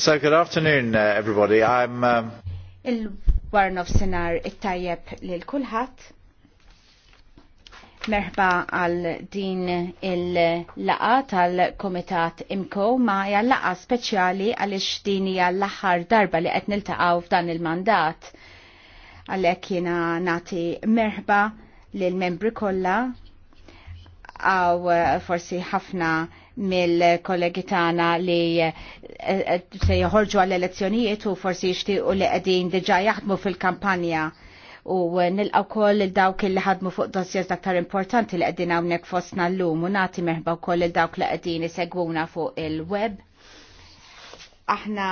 So good afternoon uh, everybody. I'm um... il of senar it-tajjeb lil kulħadd. Merħba għal din il-laqa tal-Komitat Imko ma hija laqa speċjali għaliex din hija l-aħħar darba li qed niltaqgħu f'dan il-mandat. Għalhekk jiena nagħti merħba lil membri kollha għaw uh, forsi ħafna mill-kollegi tagħna li eh, eh, se joħorġu għall-elezzjonijiet u forsi jixtiequ li qegħdin diġà jaħdmu fil-kampanja u eh, nilqaw koll il-dawk il ħadmu fuq dossiers aktar importanti li qegħdin hawnhekk fostna llum u nagħti meħba wkoll il-dawk li qegħdin isegwuna fuq il-web. Aħna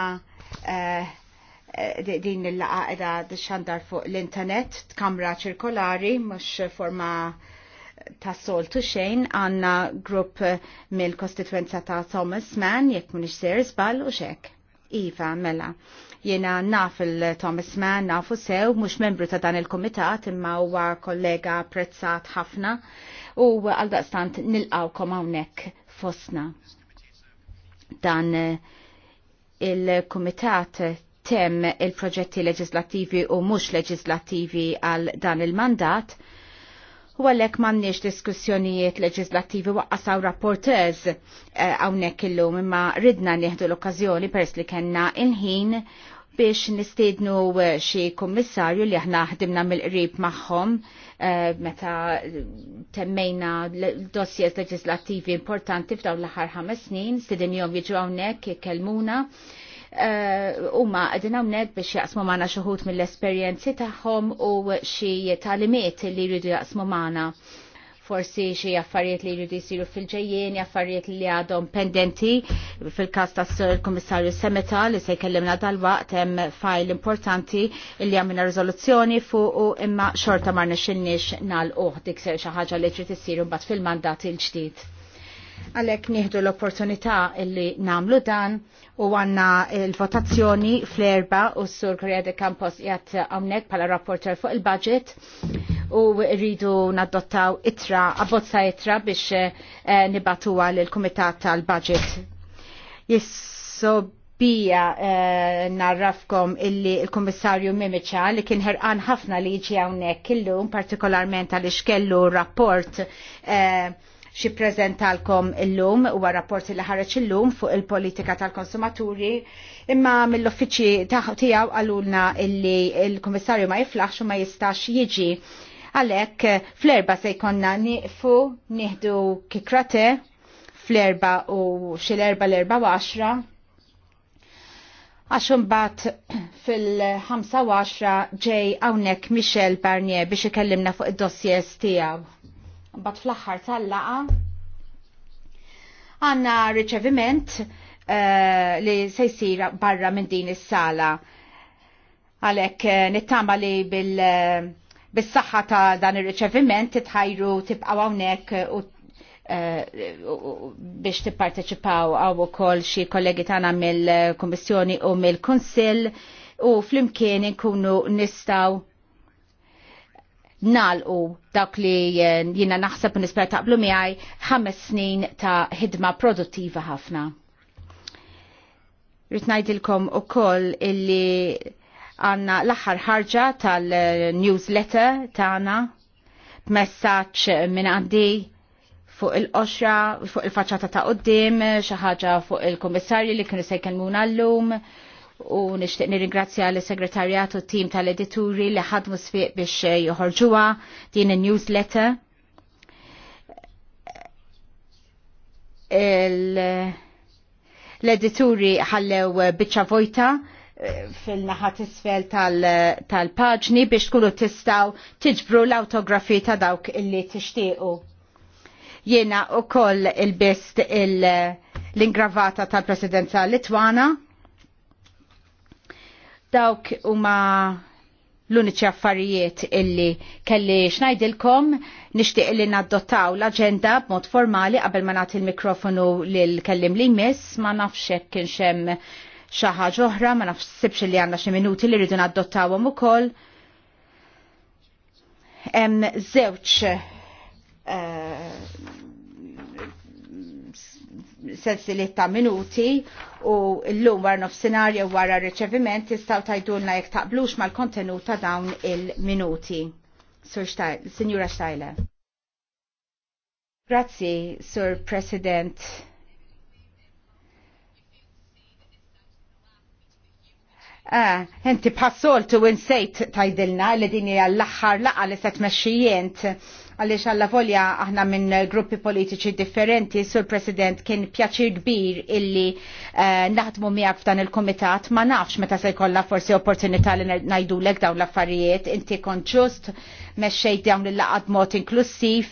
din il-laqa qiegħda xandar fuq l-internet, kamra ċirkolari, mhux forma ta' soltu xejn għanna grupp mill-kostituenza ta' Thomas Mann, jekk munix ser zbal u xek. Iva, mela. Jena naf il-Thomas Mann, nafu sew, mux membru ta' dan il-komitat, imma huwa kollega prezzat ħafna u għaldaqstant nilqawkom hawnhekk fosna. Dan eh, il-komitat tem il-proġetti leġislativi u mux leġislativi għal dan il-mandat, u għalek mannix diskussjonijiet leġislativi waqqasaw rapporters eh, għawnek e, illum imma ridna nieħdu l-okkazjoni pers li kena il-ħin biex nistednu eh, xi kummissarju li aħna ħdimna mill-qrib magħhom eh, meta temmejna dossiers leġislattivi importanti f'dawn l-aħħar ħames snin, stidinjom jiġu hawnhekk jikkelmuna. Kelmuna huma eh, qegħdin għamnet biex jaqsmu maħna xi mill-esperjenzi tagħhom u xi talimiet li jridu jaqsmu maħna. forsi xi affarijiet li jridu jsiru fil-ġejjien, affarijiet li għadhom pendenti fil-każ tas-Kummissarju Semeta li se jkellimna dal-waqt hemm fajl importanti li għamilna fu fuq imma xorta ma rnexxinniex nagħlquh dik se xi ħaġa li trid jisiru bat fil-mandat il-ġdid. Għalek nieħdu l-opportunità illi namlu dan u għanna il-votazzjoni fl-erba u s-sur Korea de Campos jgħat għamnek pala rapporter fuq il-budget u rridu naddottaw itra, abbozza itra biex eh, nibatu għal il-komitat tal-budget. Jissob bija eh, narrafkom illi il komissarju Mimiċa li kien ħerqan ħafna li jiġi hawnhekk illum partikolarment għal kellu rapport eh, xi prezentalkom illum huwa rapporti li ħareġ illum fuq il-politika tal-konsumaturi imma mill-uffiċċji tiegħu għalulna illi il-Kummissarju ma jiflaħx u ma jistax jiġi għalhekk fl-erba se jkollna nieqfu nieħdu kikrate fl-erba u xil-erba l-erba u għaxra għaxum bat fil-5 ġej għawnek Michel Barnier biex ikellimna fuq id-dossiers tiegħu bat fl-axħar tal-laqa għanna riċeviment uh, li se jsir barra minn din is-sala. Għalek eh, nittama li bil eh, bis-saħħa ta' dan ir-riċeviment titħajru tibqgħu hawnhekk u biex tipparteċipaw għaw ukoll xi kollegi tagħna mill-Kummissjoni u mill-Kunsill u flimkien inkunu nistaw nalqu dak li eh, jina naħseb u nisper taqblu miħaj ħames snin ta' ħidma produttiva ħafna. Ritnajdilkom u koll illi għanna l-axar ħarġa tal-newsletter tagħna b'messaġġ minn għandi fuq il-qoxra, fuq il faċata ta' qoddim, xi ħaġa fuq il-kummissarju li kienu se l-lum, u nishtiq nirringrazzja l segretarjat u tim tal-edituri li ħadmu sfiq biex eh, joħorġuha din il-newsletter. L-edituri ħallew eh, biċċa vojta eh, fil-naħat isfel tal-paġni biex tkunu tistaw tiġbru l-autografi ta' dawk illi tixtiequ. Jena u koll il-bist l-ingravata tal-presidenza Litwana Dawk huma l-uniċi affarijiet illi kelli xnajdilkom nixtieq li naddottaw l-agenda b'mod formali qabel ma nagħti l mikrofonu lil kellim li miss ma nafx hekk kienx hemm xi ħaġa oħra ma nafsibx li għandna xi minuti li rridu naddottawhom ukoll. Hemm żewġ eh, sensiliet ta' minuti u l-lum wara nofsinarju wara riċeviment tistaw tajdulna jek taqblux mal-kontenut ta' dawn il-minuti. Signora Steiler. Grazzi, Sir President. Enti ah, passoltu nsejt tajdilna li dini għall-axħar laqqa li set meċxijent għalix għalla volja aħna minn gruppi politiċi differenti sur president kien pjaċir kbir illi eh, naħdmu miegħek f'dan il-komitat ma nafx meta se jkollna forsi opportunità li ngħidulek dawn l-affarijiet inti kont ġust mexxejt dawn il-laqat mod inklusiv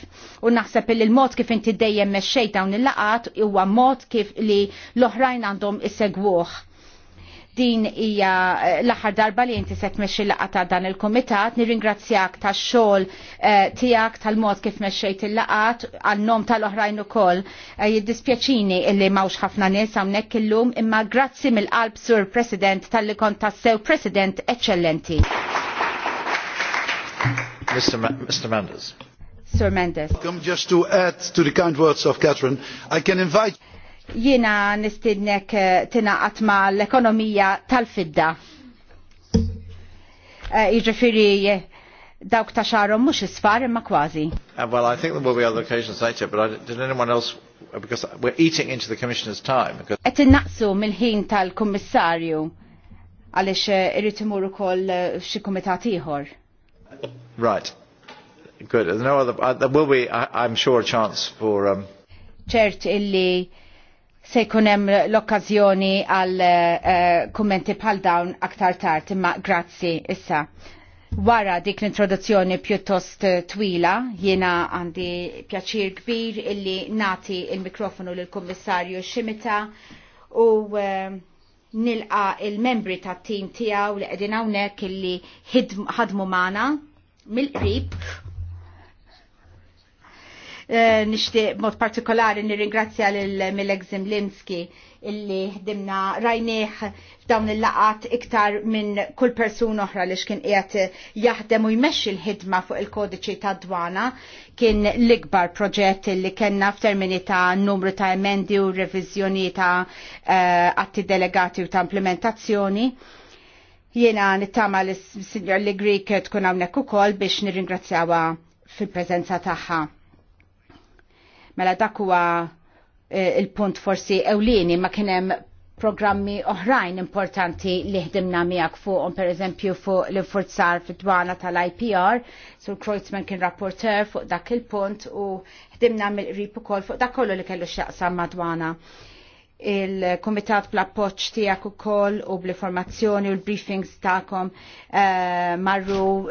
u naħseb li l-mod kif inti dejjem mexxejt dawn il-laqat huwa mod kif li l-oħrajn għandhom isegwuh Din hija eh, l-aħħar darba li inti set tmexxi laqa ta' dan il-kumitat, nirringrazzjak tax-xogħol eh, tiegħek tal-mod kif mexxejt il-laqat għan-nom tal-oħrajn ukoll. Eh, jiddispjaċini illi mawx ħafna nies hawnhekk illum, imma grazzi mill-qalb Sur President tal-li kont tassew President eċċellenti. Mr. Mr. Mendes. Sir Mendes. Come just to add to the kind words of Catherine, I can invite Jiena nistidnek eh, tinaqat ma l-ekonomija tal-fidda. Eh, Iġifiri dawk ta' xarom mux isfar imma kważi. Uh, well, I think there will be other occasions later, but I, did anyone else, uh, because we're eating into the Commissioner's time. Et naqsu mil ħin tal-Kommissarju għalix eh, irrit imur ukoll xi kumitat ieħor. Right. Good. There's no other, uh, there will be, I, I'm sure, a chance for... Um... Ċert illi se jkun hemm l-okkażjoni għal eh, eh, kummenti bħal dawn aktar tard imma grazzi issa. Wara dik l-introduzzjoni pjuttost eh, twila, jiena għandi pjaċir kbir illi nati il-mikrofonu lill-Kummissarju Ximita u nilqa il-membri tat tim tiegħu li qegħdin hawnhekk illi ħadmu magħna mill-qrib Eh, nixtieq mod partikolari nirringrazzja lil Milek Zimlinski illi ħdimna rajnieħ f'dawn il-laqat iktar minn kull persuna oħra li xkien qiegħed jaħdem u jmexxi l-ħidma fuq il-kodiċi ta' dwana kien l-ikbar proġett li kellna f'termini ta' numru ta' emendi u reviżjoni ta' eh, atti delegati u ta' implementazzjoni. Jiena nittama l-Signor Ligri tkun hawnhekk ukoll biex nirringrazzjawa fil-preżenza tagħha Mela dak huwa eh, il-punt forsi ewlieni ma kien hemm programmi oħrajn importanti li ħdimna miegħek fuqhom pereżempju fuq l-infurzar fid-dwana tal-IPR, sur Kreutzmann kien rapporteur fuq dak il-punt u ħdimna mill-qrib ukoll fuq dak kollu li kellu x'jaqsam madwana. dwana il-komitat bl-appoċ tijak u koll u bl-informazzjoni u l-briefings ta'kom uh, marru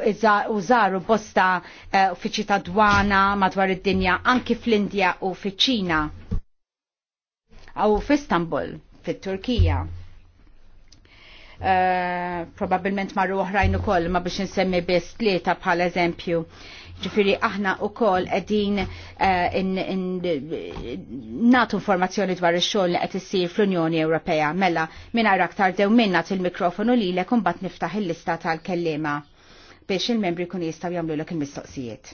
użaru bosta eh, uffiċi uh, ta' dwana madwar id-dinja anki fl-Indja u fiċ-Ċina u f'Istanbul fit-Turkija. Uh, eh, probabilment marru oħrajn ukoll ma biex nsemmi biss tlieta bħal eżempju. Uh, Ġifiri aħna u kol edin eh, natu informazzjoni dwar il-xol li għetissir issir fl-Unjoni Ewropea. Mela, minna raktar dew minna til-mikrofonu li l bat niftaħ il-lista tal-kellima biex il-membri kun jistaw jamlu l il-mistoqsijiet.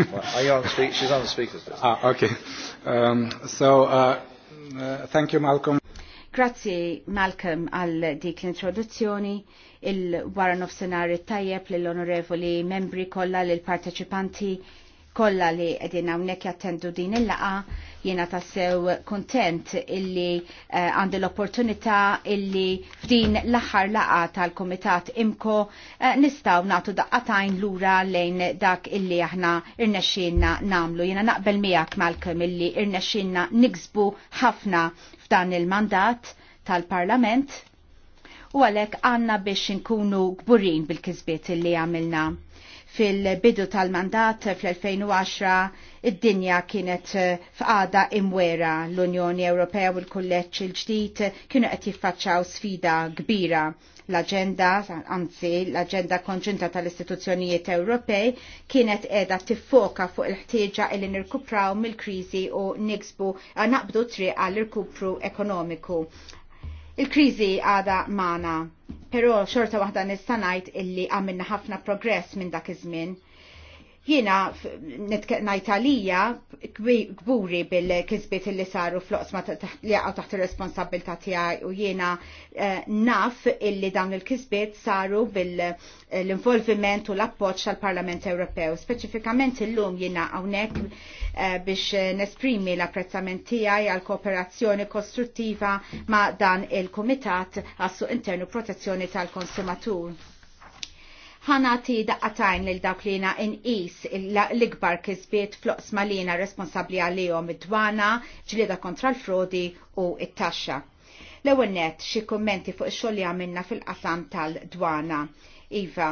Are you on speak? She's on the speakers Ah, okay. Um, so, uh, uh, thank you, Malcolm. Grazzi Malcolm għal dik l-introduzzjoni, il-wara nofsenari tajjeb l-onorevoli membri kollha l-parteċipanti kollha li qegħdin hawnhekk jattendu din il-laqa jiena tassew kontent illi eh, għandi uh, l-opportunità illi f'din l-aħħar laqa tal-Komitat Imko uh, nistgħu nagħtu daqqatajn lura lejn dak illi aħna irnexxinna namlu. Jiena naqbel miegħek Malcolm illi irnexxinna niksbu ħafna f'dan il-mandat tal-Parlament u għalek għanna biex nkunu gburin bil-kizbiet li għamilna. Fil-bidu tal-mandat fl-2010 id-dinja kienet eh, f'għada imwera l-Unjoni Ewropea u l kulleċ il-ġdid kienu qed jiffaċċjaw sfida kbira. L-aġenda, anzi l-aġenda konġunta tal-istituzzjonijiet Ewropej kienet qiegħda tiffoka fuq il-ħtieġa li nirkupraw mill-kriżi u niksbu naqbdu triq għall irkupru ekonomiku. Il-kriżi għada mana, però xorta waħda nistanajt illi għamilna ħafna progress minn dak iż-żmien Jiena najtalija għalija kburi bil-kizbit li saru fl-oqsma li għaw taħt il-responsabilta tijaj u jiena eh, naf illi dawn il-kizbit saru bil-involviment u l-appoċ tal-Parlament Ewropew. Speċifikament il-lum jiena għawnek eh, biex nesprimi l-apprezzament tijaj għal kooperazzjoni kostruttiva ma dan il-Komitat għassu internu protezzjoni tal-konsumatur ħanati daqqatajn lil dak li jina inqis l-ikbar kisbiet floqs malina jina responsabli għalihom id-dwana, ġlieda kontra l-frodi u it-taxxa. L-ewwel net xi kummenti fuq ix-xogħol li għamilna fil-qasam tal-dwana. Iva,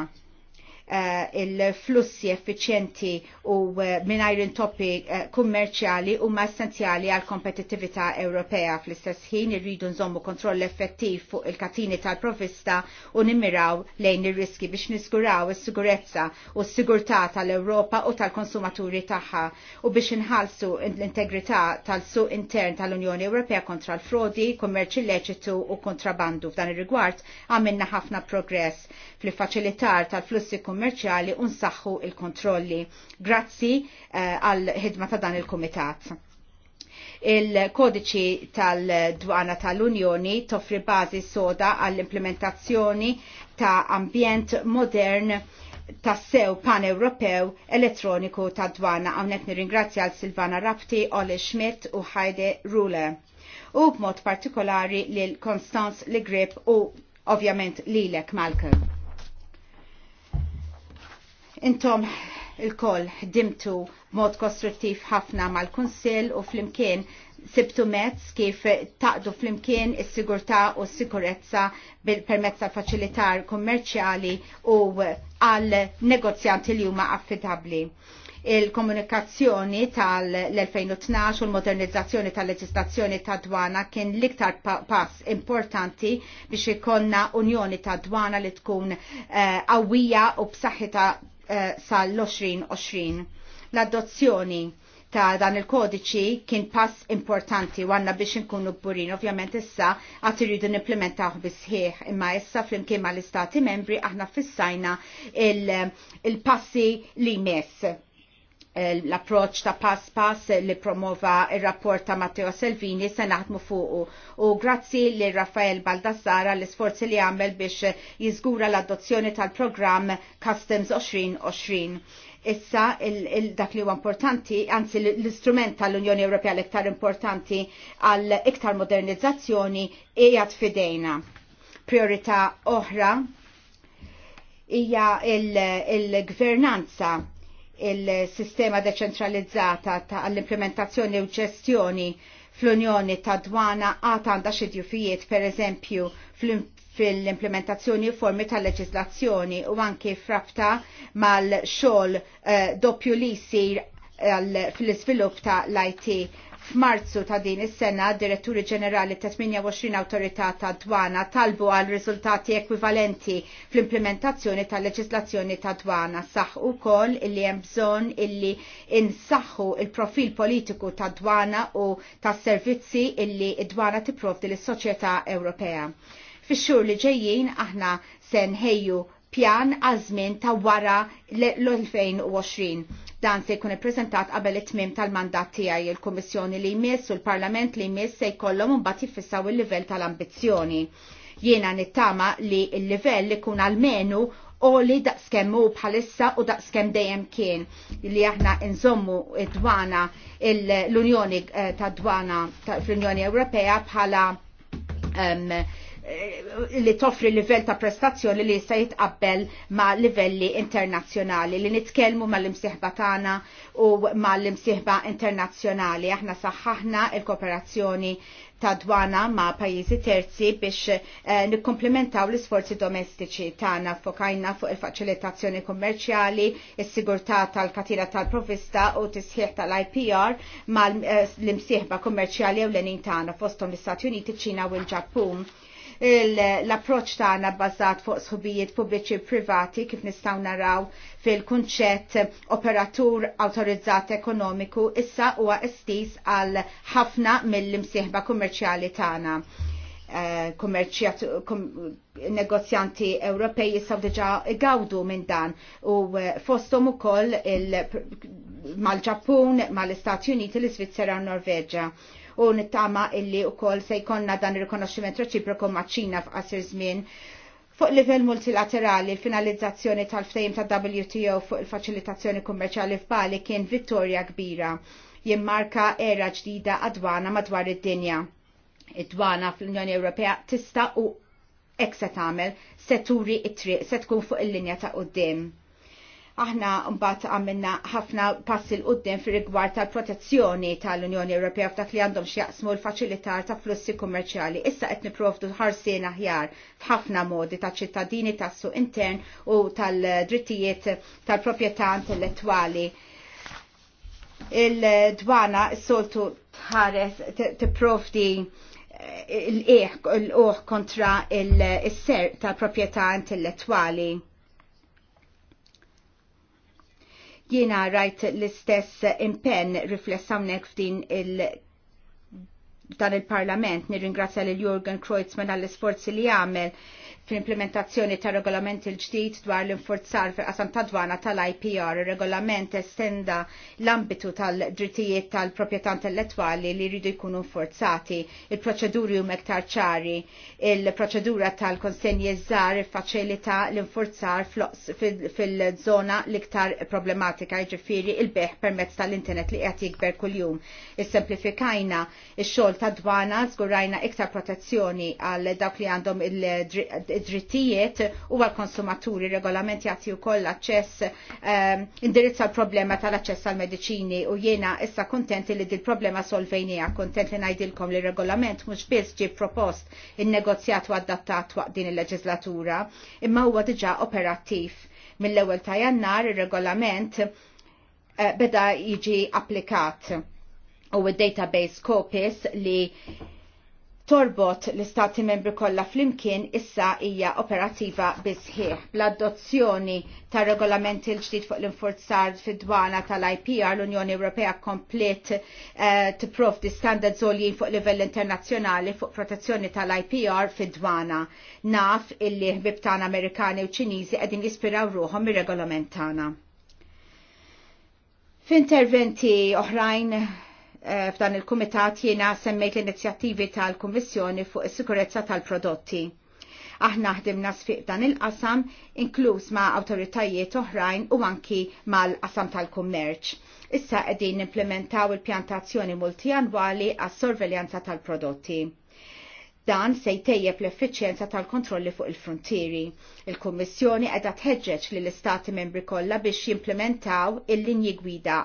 Eh, il-flussi effiċjenti u eh, mingħajr intoppi eh, kummerċjali huma essenzjali għal kompetitività Ewropea fl-istess ħin irridu nżommu kontroll effettiv fuq il-katini tal-provista u nimmiraw lejn ir-riski biex niskuraw is-sigurezza u s-sigurtà tal-Ewropa u tal-konsumaturi tagħha u biex inħalsu l-integrità tal-suq intern tal-Unjoni Ewropea kontra l-frodi, kummerċ illeċitu u kontrabandu. F'dan ir-rigward għamilna ħafna progress fl-faċilitar tal-flussi kummerċjali u nsaħħu il-kontrolli. Grazzi eh, għal uh, ħidma ta' dan il-Kumitat. Il-kodiċi tal-dwana tal-Unjoni toffri bażi soda għall-implementazzjoni ta' ambjent modern sew pan-Ewropew elettroniku ta' dwana għawnek nirringrazzja għal Silvana Rapti, Ole Schmidt u Heide Rule. U b'mod partikolari lil Konstanz Ligrip u ovvjament lilek Malcolm. Intom il-koll dimtu mod kostruttiv ħafna mal-Kunsill u flimkien sibtu mezz kif taqdu flimkien is-sigurtà u s-sikurezza permezz tal faċilitar kummerċjali u għal negozjanti li huma affidabli il-komunikazzjoni tal-2012 u l-modernizzazzjoni tal-leġislazzjoni ta' dwana kien l-iktar pass importanti biex ikonna unjoni ta' dwana li tkun eh, għawija u b'saħħitha Eh, sal-2020. L-adozzjoni ta' dan il-kodiċi kien pass importanti u għanna biex nkunu burin. Ovvjament issa għat irridu n-implementaħ bisħieħ, imma issa fl-imkien ma' l-istati membri aħna fissajna il-passi il li mess Eh, l-approċ ta' pass pass li promova il-rapport ta' Matteo Selvini se naħdmu fuqu u grazzi li Rafael Baldassara l-isforzi li għamel biex jizgura l-adozzjoni tal-programm Customs 2020. Issa dak li huwa importanti, anzi l-istrument tal-Unjoni Ewropea l-iktar importanti għal iktar modernizzazzjoni hija fidejna. Priorità oħra hija il-gvernanza il gvernanza il-sistema deċentralizzata l implementazzjoni u ġestjoni fl-Unjoni ta' dwana għat għandha xi per pereżempju fil-implementazzjoni u formi tal leġizlazzjoni u anke frabta mal-xogħol eh, doppju li jisir fil-iżvilupp ta' l-IT F'Marzu ta' din is-sena, diretturi ġenerali ta' 28 autorità ta' dwana talbu għal riżultati ekvivalenti fl-implementazzjoni tal leġislazzjoni ta' dwana. Saħ u kol illi hemm bżonn illi insaħħu il-profil politiku ta' dwana u ta' servizzi illi id-dwana tipprovdi lis-soċjetà Ewropea. Fix-xhur li ġejjin aħna se nħejju pjan għażmin ta' wara l-2020 Dan se jkun ippreżentat qabel it-tmiem tal-mandat tiegħi il-Kummissjoni li jmiss u l-Parlament li jmiss se jkollhom imbagħad jfissaw il-livell tal-ambizzjoni. Jiena nittama li l-livell li kun għalmenu u li daqskemmu bħalissa u daqskem dejjem kien li aħna nżommu dwana l-Unjoni eh, ta' dwana fl-Unjoni Ewropea bħala um, Eh, li toffri livell ta' prestazzjoni li jista' jitqabbel ma' livelli internazzjonali li nitkellmu mal-imsieħba tagħna u mal-imsieħba internazzjonali. Aħna saħħaħna il-kooperazzjoni ta' dwana ma' pajjiżi terzi biex eh, nikkomplementaw l-isforzi domestiċi tagħna fokajna fuq il-faċilitazzjoni kummerċjali, is-sigurtà tal-katira tal-provista u tisħiħ tal-IPR mal eh, l-imsieħba kummerċjali ewlenin tagħna fosthom l-Istati Uniti, ċina u l-Ġappun l-approċ tagħna bbażat fuq sħubijiet pubbliċi privati kif nistgħu naraw fil-kunċett operatur awtorizzat ekonomiku issa huwa estis għal ħafna mill-imsieħba kummerċjali tagħna eh, negozjanti Ewropej jistaw diġa gawdu minn dan u eh, fostom u koll mal-ġappun, mal-Istati Uniti, l-Svizzera u Norveġa u nittama illi u kol se jkonna dan il-rikonoxximent reċiproku ma'ċina ċina f'qasir żmien Fuq livell multilaterali, finalizzazzjoni tal-ftejm ta' WTO fuq il-facilitazzjoni kummerċali f'Bali kien vittorja kbira jimmarka era ġdida għadwana madwar id-dinja. Id-dwana fl-Unjoni Ewropea tista' u ekse tagħmel seturi it-triq se tkun fuq il-linja ta' qoddim. Aħna mbagħad għamilna ħafna passi l qudiem fir rigward tal-protezzjoni tal-Unjoni Ewropea f'dak li għandhom x'jaqsmu l-faċilitar ta' flussi kummerċjali. Issa qed niprovdu ħarsien aħjar f'ħafna modi ta' ċittadini tas-suq intern u tal-drittijiet tal-proprjetà intellettwali il-dwana s-soltu tħares t-profdi eh, l-eħ kontra il-ser tal proprjetà intellettwali. Jiena rajt l-istess impenn riflessamnek f'din il- dan il-parlament nirringrazzja l Jurgen Kreutzmann għall isforzi li għamel fl-implementazzjoni ta' regolament il-ġdid dwar l-infurzar fil qasam ta' dwana tal-IPR, regolament estenda l-ambitu tal-drittijiet tal-propieta intellettuali li jridu jkunu infurzati, il-proċeduri u mektar ċari, il-proċedura tal-konsenji żgħar faċilita l-infurzar fil-żona l-iktar problematika, ġifiri il-beħ permezz tal-internet li qed jikber kuljum. il semplifikajna il xogħol ta' dwana żgurajna iktar protezzjoni għal dawk li għandhom il drittijiet u għal-konsumaturi regolament jagħti wkoll aċċess um, ehm, indirizz għal problema tal-aċċess għal mediċini u jiena issa kontenti li dil problema solvejnija kontent li ngħidilkom li regolament mhux biss ġie propost innegozjat u adattat waqt din il-leġislatura imma huwa diġà operattiv mill-ewwel ta' jannar ir-regolament uh, beda jiġi applikat u id-database COPIS li torbot l-istati membri kollha flimkien issa hija operattiva bisħieħ. L-adozzjoni ta' regolamenti l-ġdid fuq l-infurzar fid-dwana tal-IPR l-Unjoni Ewropea komplet uh, tipprovdi standard għoljin fuq livell internazzjonali fuq protezzjoni tal-IPR fid-dwana. Naf illi ħbibtana Amerikani u Ċiniżi qegħdin jispiraw ruħhom mir-regolament tagħna. F'interventi oħrajn Eh, f'dan il-Kumitat jiena semmejt l-inizjattivi tal-Kummissjoni fuq is-sikurezza tal-prodotti. Aħna ħdimna sfiq dan il-qasam inkluż ma' awtoritajiet oħrajn u anki mal-qasam tal-kummerċ. Issa qegħdin implementaw il-pjantazzjoni multianwali għas-sorveljanza tal-prodotti. Dan se jtejjeb l-effiċjenza tal-kontrolli fuq il-frontieri. il kummissjoni qiegħda tħeġġeġ lill l-Istati membri kollha biex jimplementaw il-linji gwida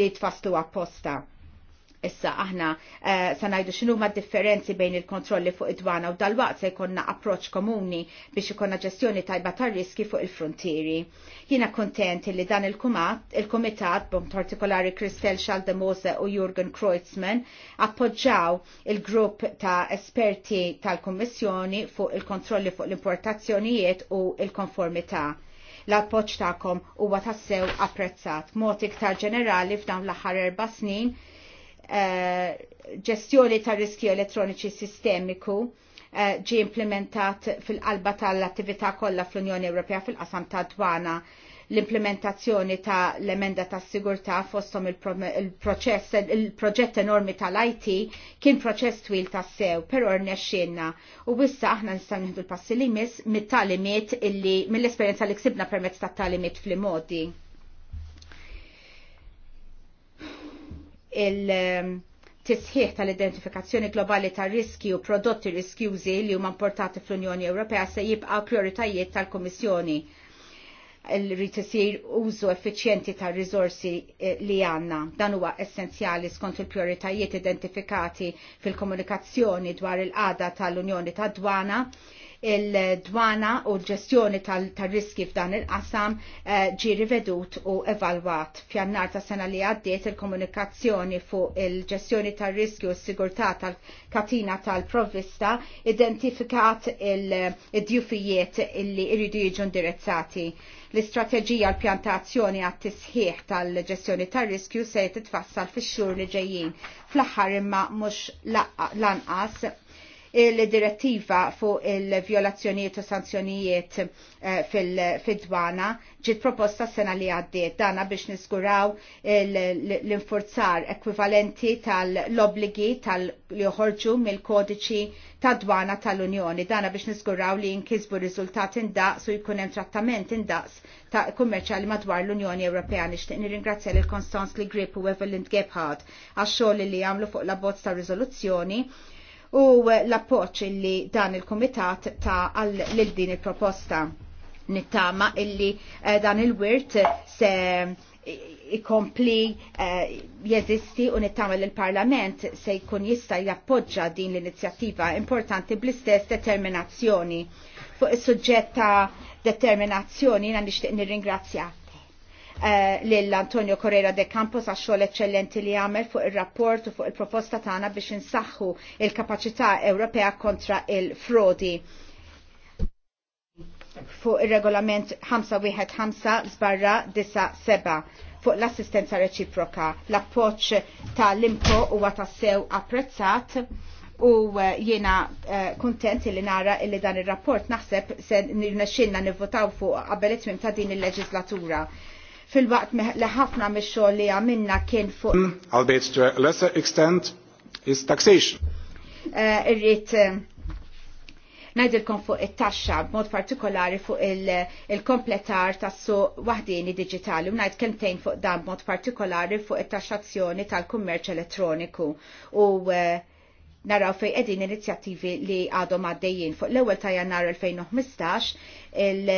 li tfasslu apposta. Issa aħna eh, sa ngħidu xinu ma differenzi bejn il-kontrolli fuq id-dwana u dal-waqt se jkonna approċ komuni biex ikonna ġestjoni tajba tar riski fuq il-frontieri. Jina kontent li dan il-komitat, il bum partikolari Kristel Schaldemose u Jürgen Kreutzmann, appoġġaw il-grupp ta' esperti tal-Kommissjoni fuq il-kontrolli fuq l-importazzjonijiet u il-konformità l appoġġ ta'kom huwa tassew apprezzat. Mod iktar ġenerali f'dawn l-aħħar erba' snin Eh, ġestjoni ta' riskju elettroniċi sistemiku eh, ġi implementat fil-qalba tal-attività kollha fl-Unjoni Ewropea fil-qasam ta' dwana l-implementazzjoni ta' l-emenda ta' sigurtà fostom il-proċess, il-proġett enormi tal-IT kien proċess twil ta' sew, però rnexxinna u wissa aħna nistgħu nieħdu l-passi li mis mit-talimiet illi mill-esperjenza li ksibna permezz tat-talimiet fl-modi. il- tisħiħ tal-identifikazzjoni globali ta' riski u prodotti riskjużi li huma importati fl-Unjoni Ewropea se jibqa' prioritajiet tal-Kummissjoni rrit isir użu effiċjenti ta' risorsi eh, li għanna. Dan huwa essenzjali skont il-prioritajiet identifikati fil-komunikazzjoni dwar il-qada tal-Unjoni tad-Dwana il-dwana u l-ġestjoni tal-riski f'dan il-qasam eh, ġi rivedut u evalwat. Fjannar ta' sena li għaddiet il-komunikazzjoni fuq il-ġestjoni tal-riski u s-sigurtà tal-katina tal-provvista identifikat il-djufijiet illi irridu jiġu indirizzati l-istrateġija l-pjantazzjoni għat tisħiħ tal-ġestjoni tal-riskju se titfassal fix xhur li ġejjin. Fl-aħħar imma mhux lanqas il-direttiva fuq il violazzjoniet u sanzjonijiet eh, fil-dwana ġiet proposta sena li għaddiet dana biex niskuraw l-infurzar ekvivalenti tal-obligi tal-li uħorġu mill-kodiċi tad dwana tal-Unjoni dana biex niskuraw li jinkisbu rizultat indaqs u jkun hemm trattament indaqs ta' kummerċali madwar l-Unjoni Ewropea nixtieq nirringrazzja lill konstanz li Grip u Evelyn Gebhardt għax-xogħol li għamlu fuq la bozz ta' riżoluzzjoni u l-appoċ li dan il-komitat ta' għal din il-proposta. Nittama illi eh, dan il-wirt se ikompli eh, jeżisti u nittama l-Parlament se jkun jista jappoġġa din l-inizjattiva importanti bl-istess determinazzjoni. Fuq is-suġġett ta' determinazzjoni na nixtieq ringrazzjak Eh, Lill Antonio Correra de Campos għax xogħol eċċellenti li għamel fuq ir-rapport u fuq il-proposta tagħna biex insaħħu il-kapaċità Ewropea kontra il-frodi fuq ir-regolament 515 sbarra 97 fuq l-assistenza reċiproka. L-appoċ tal-impo huwa tassew apprezzat u eh, jiena eh, kontent li nara illi dan il-rapport naħseb se nirnexxinna nivvotaw fuq qabel it ta' din il-leġislatura fil-waqt li ħafna mix-xogħol li għamilna kien fuq. Mm, albeit to a lesser extent is taxation. Eh, Irrid eh, ngħidilkom fuq it-taxxa b'mod partikolari fuq il-kompletar il kompletar tas suq waħdini diġitali u kemm kemtejn fuq dan b'mod partikolari fuq it-taxxazzjoni tal-kummerċ elettroniku u eh, naraw fej edin inizjattivi li għadhom għaddejjin fuq l-ewwel ta' jannar 2015 il-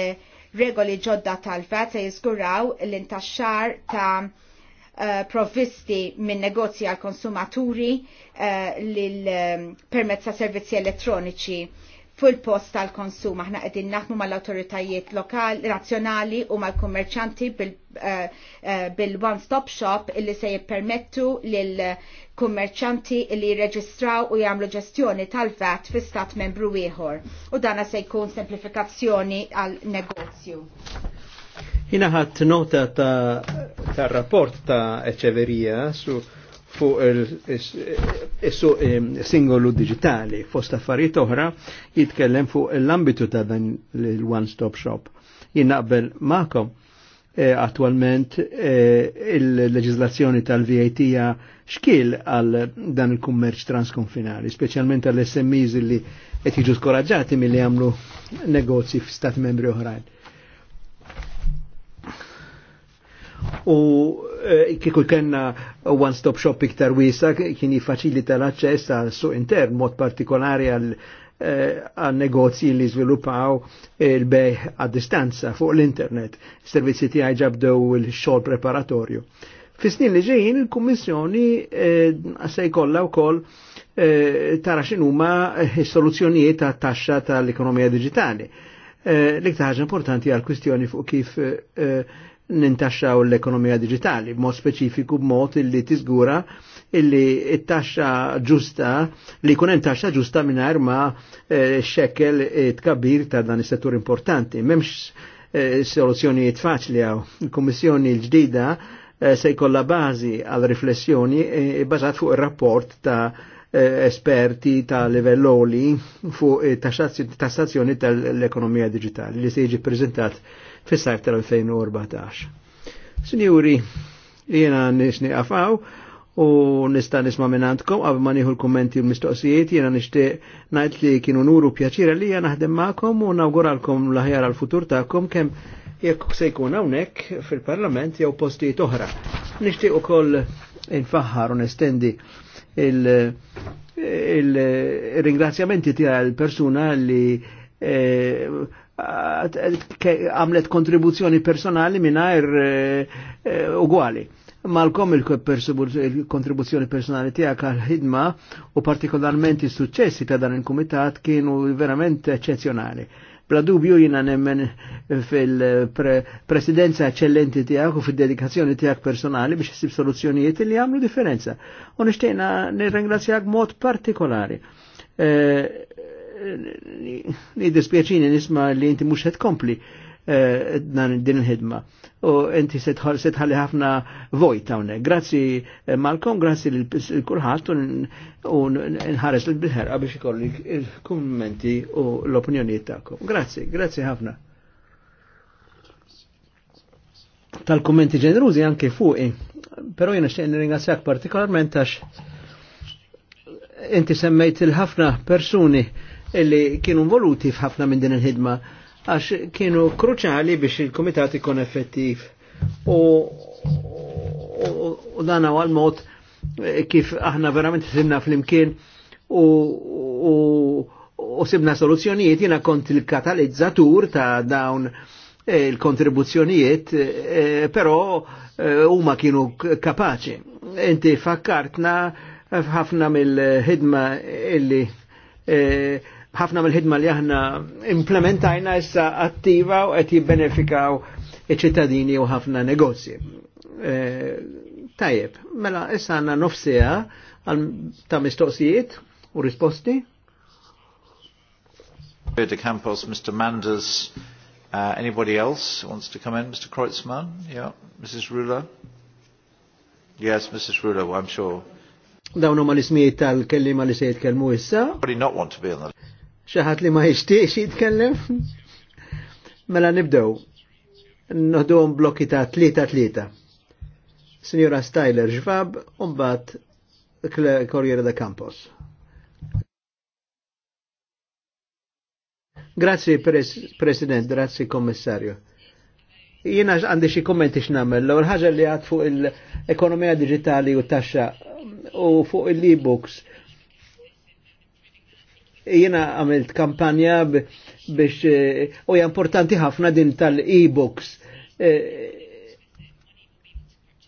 regoli ġodda tal-vat se jiżguraw l-intaxxar ta' eh, provvisti minn negozji għal konsumaturi uh, permezz ta' servizzi elettroniċi fil post tal-konsum aħna qegħdin naħdmu mal-awtoritajiet lokali, nazzjonali u mal-kummerċanti bil-one-stop uh, bil eh, eh, shop illi se jippermettu lil kummerċanti li jirreġistraw u jagħmlu ġestjoni tal-VAT fi stat membru ieħor. U dana se jkun semplifikazzjoni għal negozju. Jina ħadd nota ta', rapport ta' eċeverija su fuq il-suq um, singolu digitali fost affarijiet oħra jitkellem fuq l-ambitu ta' dan l-one-stop shop. Jien naqbel ma'kom eh, attualment eh, il-leġizlazzjoni tal-VAT hija xkil għal dan il-kummerċ transkonfinali, speċjalment għall SMEs li qed jiġu skoraġġati milli jagħmlu negozji f'stati membri oħrajn. u eh, kieku kena one-stop shop iktar wisa kien jifaċilita l-aċċess għal suq intern, mod partikolari għal eh, għal negozji li zviluppaw il-bej a distanza fuq l-internet. Servizzi ti ġabdew il-xogħol preparatorju. Fisnin li ġejjin il-Kummissjoni eh, kolla u wkoll tara x'inhuma s-soluzzjonijiet ta' taxxa tal-ekonomija digitali. L-iktar ħaġa importanti għal kwistjoni fuq kif nintaxxaw l-ekonomija digitali, b'mod speċifiku b'mod illi tiżgura illi it-taxxa ġusta, li jkun hemm taxxa ġusta mingħajr ma eh, xekkel tkabbir ta' dan is-settur importanti. M'hemmx eh, soluzzjonijiet faċli hawn. Il-Kummissjoni l-ġdida eh, se jkollha bażi għal riflessjoni bażat fuq ir-rapport ta' esperti ta' livelloli fuq tassazzjoni tal-ekonomija digitali li se jiġi prezentat fissar tal-2014. Sinjuri, jiena nisni għafaw u nista nisma minnantkom għab ma nieħu l-kommenti u l-mistoqsijiet jiena nixtieq ngħid li kienu nuru pjaċira li jena naħdem magħkom u nawguralkom l-aħjar għal-futur tagħkom kemm jekk se jkun hawnhekk fil-Parlament jew postijiet oħra. Nixtieq ukoll infaħħar u nestendi il-ringrazzjamenti il, il tiegħi għal persuna li eh, Eh, għamlet kontribuzzjoni personali minnajr eh, eh, uguali. Malkom il-kontribuzzjoni personali tijak għal-ħidma u partikolarment il-successi ta' dan il-komitat kienu verament eccezjonali. Bla dubju jina nemmen fil-presidenza eccellenti tijak u fil-dedikazzjoni tijak personali biex jisib soluzzjonijiet li għamlu differenza. U nir-ringrazzjak mod partikolari li dispjaċini nisma li inti mux għed kompli dan din il-ħidma. U inti setħalli ħafna vojt hawnhekk. Grazzi Malcolm, grazzi l kulħadd u nħares l-bilħerqa biex ikolli il-kummenti u l-opinjonijiet tagħkom. Grazzi, grazzi ħafna. Tal-kummenti ġenerużi anke fuqi, però jiena xejn ringrazzjak partikolarment għax inti semmejt il-ħafna persuni illi kienu involuti f'ħafna minn din il-ħidma għax kienu kruċali biex il-komitat ikun effettiv u, dan għal mod eh, kif aħna verament simna fl-imkien u, u, u sibna soluzzjonijiet jina kont il-katalizzatur ta' dawn eh, il-kontribuzzjonijiet, eh, però huma kienu kapaċi. Inti fakkartna ħafna mill-ħidma illi eh, ħafna mill-ħidma li aħna implementajna issa attiva u qed jibbenefikaw iċ-ċittadini u ħafna negozji. Eh, tajjeb, mela issa għandna nofsija għal ta' mistoqsijiet u risposti. Peter Campos, Mr. Manders, uh, anybody else wants to come in? Mr. Kreutzmann? Yeah, Mrs. Ruler? Yes, Mrs. Ruler, I'm sure. Dawn huma l-ismijiet tal-kellima li se jitkellmu issa. Probably not want to be on the ċaħat li ma jishtiqx jitkellem? Mela nibdew. Noħduhom blokki ta' tlieta tlieta. Signora Styler ġvab, umbat Corriere da Campos. Grazzi pres President, grazzi Kommissarju. Jiena għandi xi kommenti x'namel. L-ewwel ħaġa li għad fuq il-ekonomija digitali u taxxa u fuq il-e-books jina għamilt kampanja biex, eh, u importanti ħafna din tal-e-books. Eh,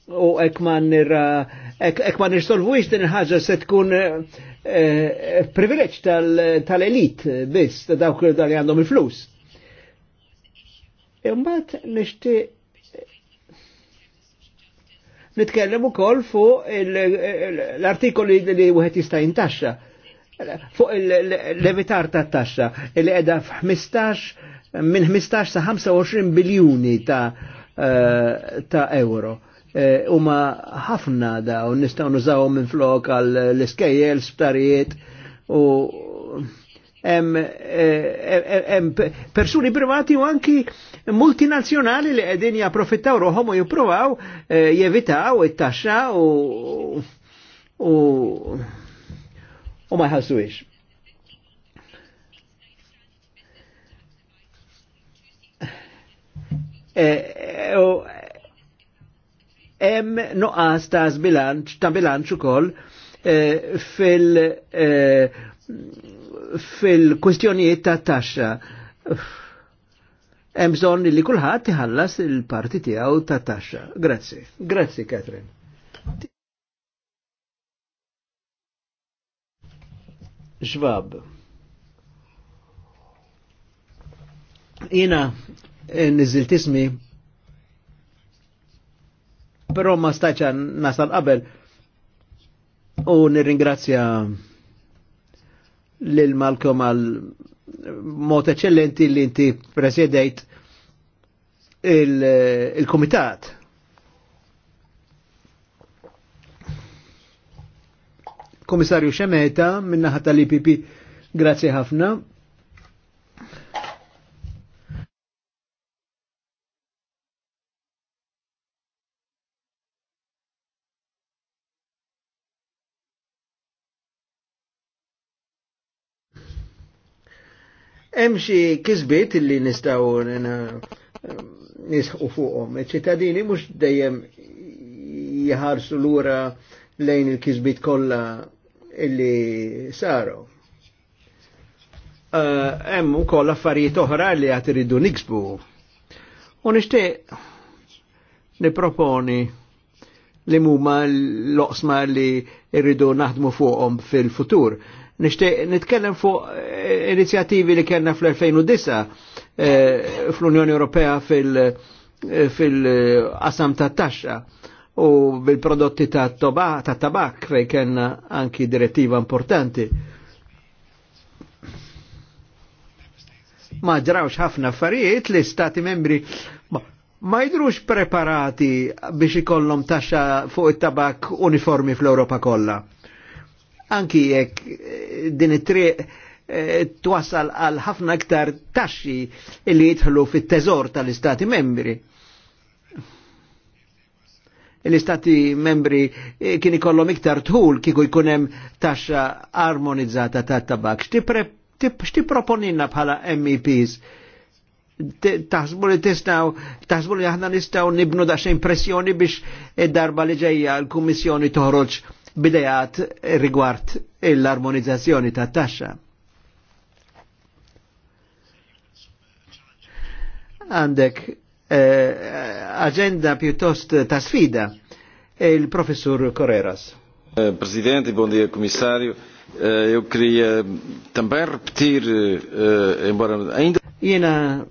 u ek ma nirsolvux din ħaġa se tkun eh, privileġ tal-elit biss, ta' dawk li għandhom il-flus. Imbat e nishti nitkellem ukoll fuq l-artikoli li wieħed jista' jintaxxa fuq il-levitar ta' taxxa li qiegħda f'15 minn 15 sa 25 biljuni ta' eh, ta' euro. Huma eh, ħafna da u nistgħu nużawhom minn flok għal l-iskejjel, sptarijiet u hemm eh, persuni privati u anki multinazzjonali li qegħdin japprofittaw roħom u jippruvaw jevitaw it-taxxa u u ma jħassu Hemm eh, eh, eh, Em nuqqas ta' bilanċ ta' bilanċ u koll fil kustjonijiet ta' taxxa. Hemm bżonn li kulħadd iħallas il-parti tiegħu ta' taxxa. Grazzi. Grazzi, Katrin. Xbab. Jina eh, nizzilt ismi però ma staċa nasal qabel u nirringrazzja lil Malcolm għal mod eccellenti li inti presedejt il-komitat. Il Komissarju Xemeta minnaħa tal-IPP. Grazie ħafna. Hemm xi kisbiet illi nistgħu nisħu fuqhom. ċittadini mhux dejjem jħarsu lura lejn il-kisbit kollha illi saru. Eh, hemm uh, ukoll affarijiet oħra li qed iridu niksbu. U nixtieq niproponi li huma l-oqsma li rridu naħdmu fuqhom fil-futur. Nixtieq nitkellem fuq eh, inizjattivi li kellna fl-2009 eh, fl-Unjoni Ewropea fil- fil-qasam tat-taxxa u bil-prodotti ta' tobak, ta' tabak fejn kena anki direttiva importanti. Ma ġrawx ħafna affarijiet li stati membri ma, jidrux preparati biex ikollhom taxxa fuq it-tabak uniformi fl-Europa kollha. Anki jekk eh, din it-triq eh, twassal għal ħafna iktar taxxi li jidħlu fit-teżor tal-istati membri l-istati membri e, kien ikollhom iktar tħul kieku jkun hemm taxxa armonizzata tat tabak. X'ti proponinna bħala MEPs? taħsbu li tisnaw, taħsbu li aħna nistaw nibnu da impressjoni biex id darba li ġejja l-Kummissjoni toħroġ bidejat rigward l-armonizzazzjoni ta' taxxa. Għandek eh, agenda piuttost eh, ta' sfida. il professor Correras. Eh, Presidente, bom dia, Commissário. Eu eh, queria também repetir, embora ainda. Ah, Iena,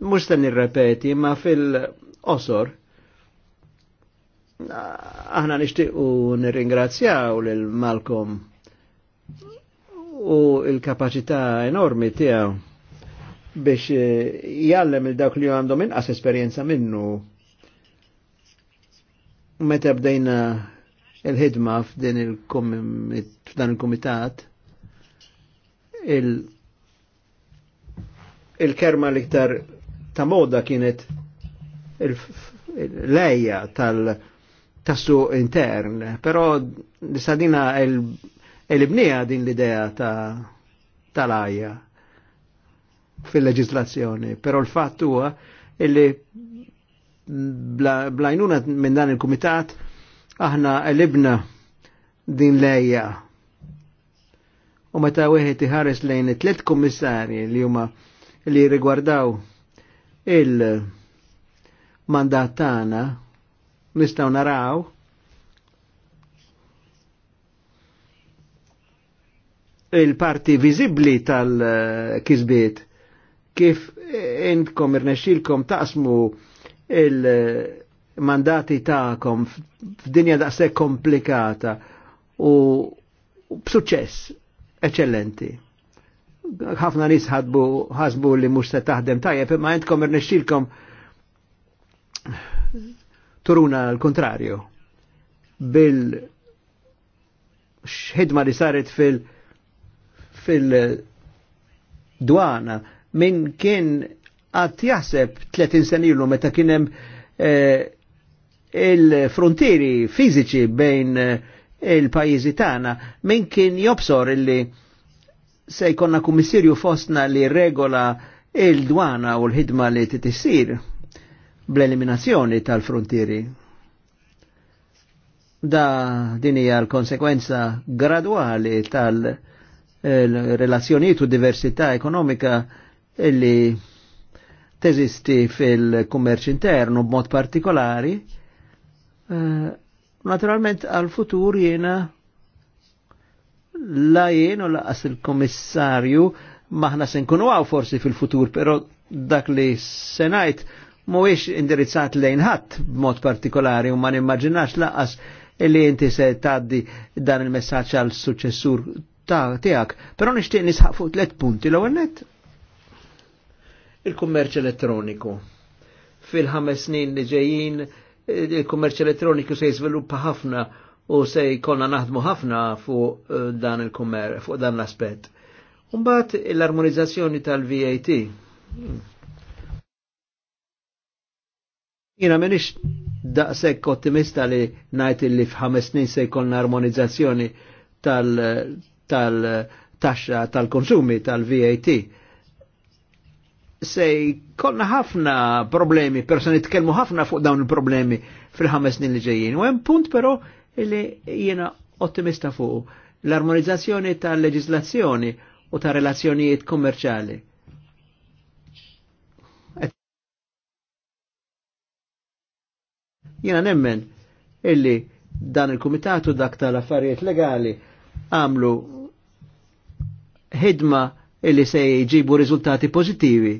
mux tan nirrepeti, ma fil-osor, aħna nishtiqu nirringrazzjaw l Malcolm u l kapacità enormi tiegħu biex eh, jgħallem il-dawk li għandhom inqas esperjenza minnu. Meta bdejna il-ħidma f'dan il-komitat, il-kerma il ħidma f'din il komitat il kerma il l iktar ta' moda kienet il-lejja il lejja tal tassu intern, pero disadina il ibnija din l-idea tal-ajja. Ta fil-leġislazzjoni, però l-fatt huwa illi blajnuna minn dan il-kumitat aħna għalibna din lejja. U meta wieħed iħares lejn it-tliet kummissarji li huma li rigwardaw il-mandat tagħna nistgħu naraw il-parti viżibbli tal-kisbiet kif intkom irnexxilkom taqsmu il-mandati ta'kom f'dinja daqse komplikata u b'suċċess eccellenti. Ħafna nies ħasbu li mhux se taħdem tajjeb, ma intkom irnexilkom turuna l-kontrarju bil xħidma li saret fil fil dwana min kien għat jaħseb 30 sen ilu meta kienem eh, il-frontieri fiziċi bejn eh, il-pajizi tagħna min kien jobsor illi se jkonna kummissirju fostna li regola il-dwana u l-ħidma li titissir bl-eliminazzjoni tal-frontieri. Da din hija l-konsekwenza graduali tal-relazzjonijiet eh, u diversità ekonomika illi teżisti fil-kummerċ internu b'mod partikolari, eh, naturalment għal-futur jena la jien u laqas il-komissarju maħna se nkunu għaw forsi fil-futur, pero dak li senajt mhuwiex indirizzat lejn ħadd b'mod partikolari u ma nimmaġinax laqas illi inti se taddi dan il-messaġġ għal suċessur tiegħek. Però nixtieq nisħaq fuq tliet punti l-ewwel net il-kummerċ elettroniku. Fil-ħames snin li ġejjin il-kummerċ elettroniku se jiżviluppa ħafna u se jkollna naħdmu ħafna fuq eh, dan il fuq dan l-aspett. Umbat l-armonizzazzjoni tal-VAT. Jina menix daqsek ottimista li najt li f'ħames snin se jkollna armonizzazzjoni tal-taxxa tal-konsumi tal-VAT. tal taxxa tal konsumi tal vat se jkollna ħafna problemi, personi tkellmu ħafna fuq dawn il-problemi fil-ħames snin li ġejjin. U hemm punt però li jiena ottimista fuq l-armonizzazzjoni tal-leġislazzjoni u ta' relazzjonijiet kommerċali. Jiena nemmen illi dan il-Kumitatu dak tal-affarijiet legali għamlu ħidma illi se jġibu riżultati pożittivi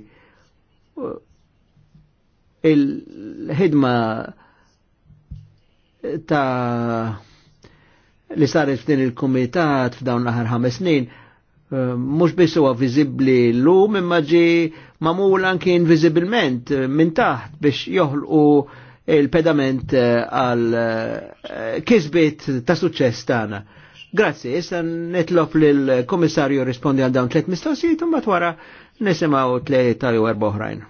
il-ħidma ta' li saret f'din il-komitat f'dawn l-aħħar ħames snin eh, mhux biss huwa viżibbli llum imma ġi magħmul anki inviżibilment eh, minn taħt biex joħlqu il-pedament eh, għal kisbiet ta' suċċess tagħna. Grazzi, issa nitlob lill komissarju rispondi għal dawn tliet mistoqsijiet u matwara nisimaw tlejt jew erba' oħrajn.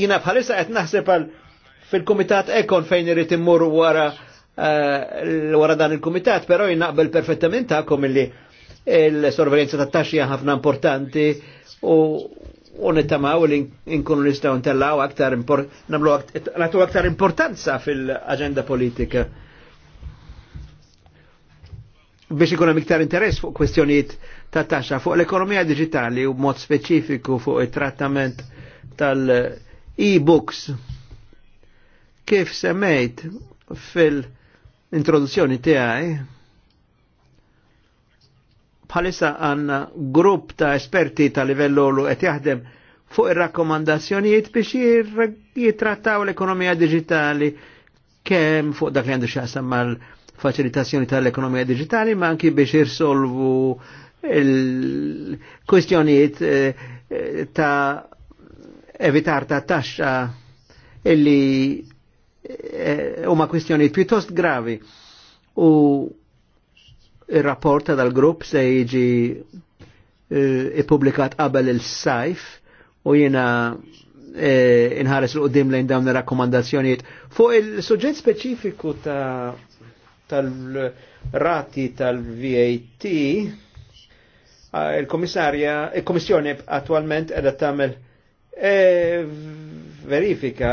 Jina bħalissa għet naħseb għal fil komitat Ekon fejn irrit immur wara eh, wara dan il komitat pero jina għabel perfettament ta' illi il-sorveljenza ta' taxxija ħafna importanti unitamaw li nkunu nistaw ntellaw aktar, namlu natu aktar importanza fil-agenda politika biex ikun iktar interess fuq kwestjonijiet ta' taxxa fuq l-ekonomija digitali u mod speċifiku fuq il trattament tal tal-e-books. Kif semmejt fil-introduzzjoni tiegħi bħalissa għanna grupp ta' esperti ta' livellolu qed jaħdem fuq ir-rakkomandazzjonijiet biex jitrattaw l-ekonomija digitali kemm fuq dak li għandu xaqsam mal facilitazzjoni tal-ekonomija digitali, ma anki biex jirsolvu il-kwistjonijiet eh, ta' evitar ta' taxxa illi eh, huma eh, kwistjonijiet pjuttost gravi u il-rapport tal-grupp se jiġi eh, ippubblikat qabel il-sajf u jiena eh, inħares l qudiem lejn dawn ir-rakkomandazzjonijiet. Fuq il-suġġett speċifiku ta' tal-rati tal-VAT, eh, il-komissarja, il-komissjoni attualment edha tamel verifika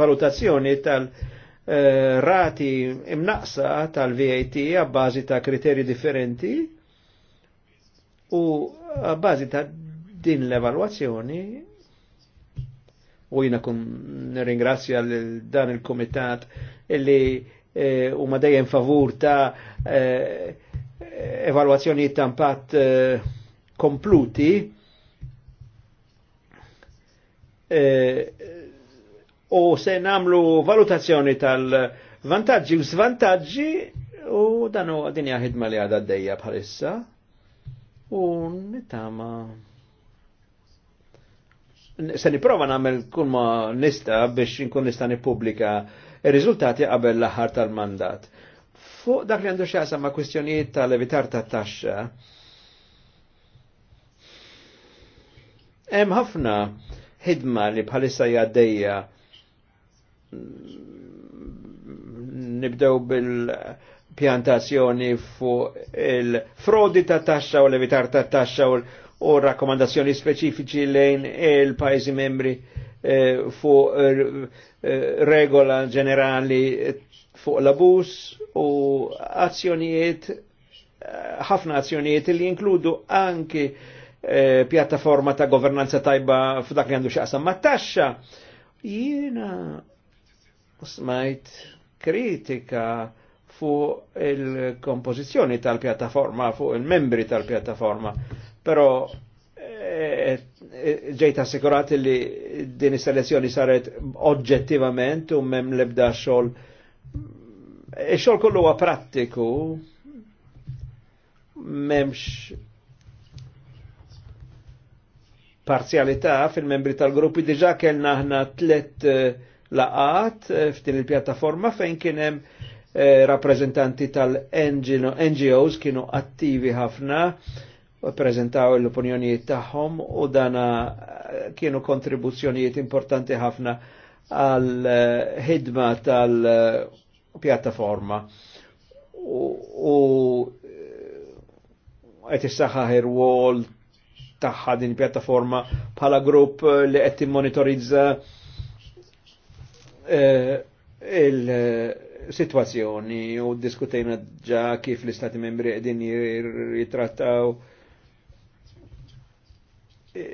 valutazzjoni tal-VAT Eh, rati imnaqsa tal-VAT għabbażi ta' kriteri differenti u għabbażi ta' din l-evalwazzjoni u jina kun ringrazzja dan il-komitat illi eh, u ma dejjem favur ta' evaluazzjoni eh, evalwazzjoni ta' impatt kompluti u se namlu valutazzjoni tal-vantaġġi u svantaġġi u dan huwa din hija ħidma li għadha d bħalissa u nitama. se niprofa nagħmel kull ma nista biex inkun nista' nippubblika r riżultati qabel l-aħħar tal-mandat. Fuq dak li għandu x'jaqsam ma' kwistjonijiet tal-evitar tat-taxxa. Hemm ħafna ħidma li bħalissa jgħaddejja nibdew bil-pjantazzjoni fuq il-frodi ta' taxxa u l-evitar ta' taxxa u rakkomandazzjoni speċifiċi lejn il-pajzi membri eh, fuq eh, regola ġenerali fuq l-abus u azzjonijiet eh, ħafna azzjonijiet li jinkludu anki pjattaforma ta' governanza tajba f'dak li għandu xaqsam ma' taxxa. Jiena smajt kritika fuq il-kompożizzjoni tal-pjattaforma, fuq il-membri tal-pjattaforma, però eh, eh, ġejt assikurati li din is-selezzjoni saret oġġettivament u mem lebda xogħol Ix-xogħol kollu huwa prattiku m'hemmx parzjalità fil-membri tal-gruppi diġà kellna aħna uh, laqat eh, f'din il-pjattaforma fejn kien hemm eh, rappreżentanti tal-NGOs kienu attivi ħafna prezentaw l-opinjonijiet tagħhom u dana eh, kienu kontribuzzjonijiet importanti ħafna għal ħidma tal-pjattaforma. U qed issaħħaħ ir-wol tagħha din pjattaforma bħala grupp li qed immonitorizza Eh, il-situazzjoni u diskutejna ġa kif l-Istati membri għedin jitrattaw e,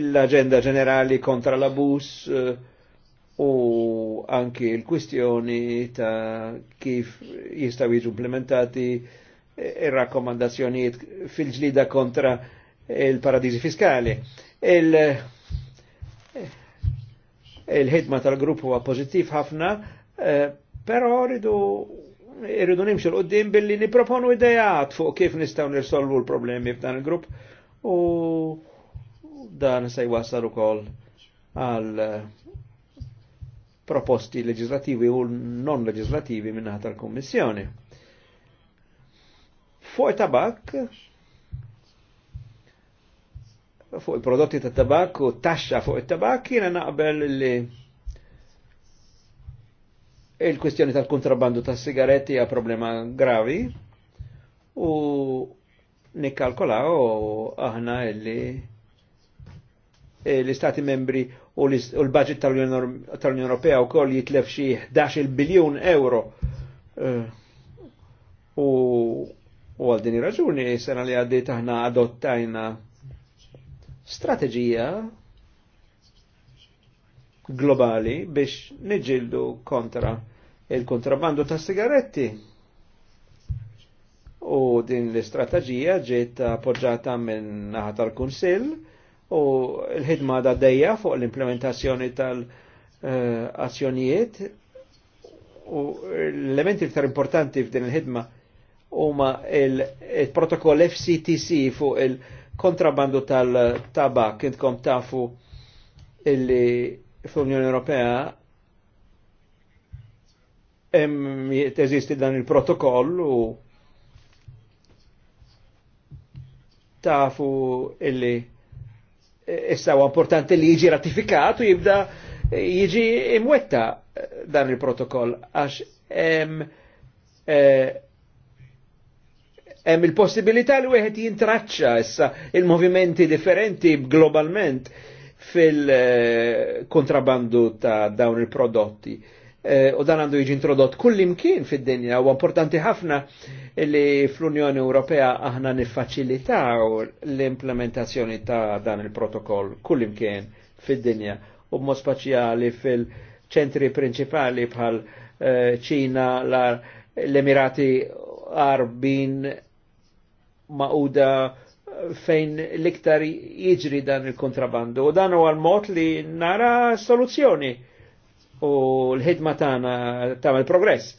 l-agenda ġenerali kontra l-abus eh, u anki l-kwistjoni ta' kif jistaw jiġu implementati e, il-rakkomandazzjoniet fil-ġlida kontra il-paradisi fiskali. Il- il-ħidma tal-grupp huwa pożittiv ħafna, eh, però rridu irridu nimxu l-qoddim billi niproponu idejat fuq kif nistgħu nirsolvu l-problemi f'dan il-grupp u dan se jwassal ukoll għal eh, proposti leġislativi u non leġislativi minnaħa tal-Kommissjoni. Fuq tabak, fuq il-prodotti ta' tabak u taxxa fuq it-tabak jiena naqbel li il-kwestjoni tal-kontrabbandu tas sigaretti hija problema gravi u nikkalkolaw aħna li l-Istati membri u l-budget tal-Unjoni Ewropea u koll jitlef xi 11 biljun euro eh, u għal din ir-raġuni sena li għaddit aħna adottajna strateġija globali biex niġildu kontra il-kontrabandu ta' sigaretti. U din l-istrateġija ġiet appoġġata minn naħa tal-Kunsill u l-ħidma da' dejja fuq l-implementazzjoni tal-azzjonijiet u l-elementi iktar importanti f'din il-ħidma huma il-protokoll FCTC fuq il-, -il kontrabandu tal-tabak, intkom tafu illi fl-Unjoni Ewropea hemm teżisti dan il-protokoll u tafu illi issa huwa importanti li jiġi ratifikat u jibda jiġi imwetta dan il-protokoll għax hemm eh, hemm il-possibilità li wieħed jintraċċa issa il-movimenti differenti globalment fil-kontrabandu ta' dawn il-prodotti. Eh, u dan għandu jiġi introdott kullimkien fid-dinja u importanti ħafna li fl-Unjoni Ewropea aħna niffaċilitaw l-implementazzjoni ta' dan il-protokoll kullimkien fid-dinja u mod speċjali fil-ċentri principali bħal eh, ċina, l-Emirati Arbin, maquda fejn l-iktar jiġri dan il-kontrabandu. U dan huwa l-mod li nara soluzzjoni u l-ħidma tagħna tagħmel progress.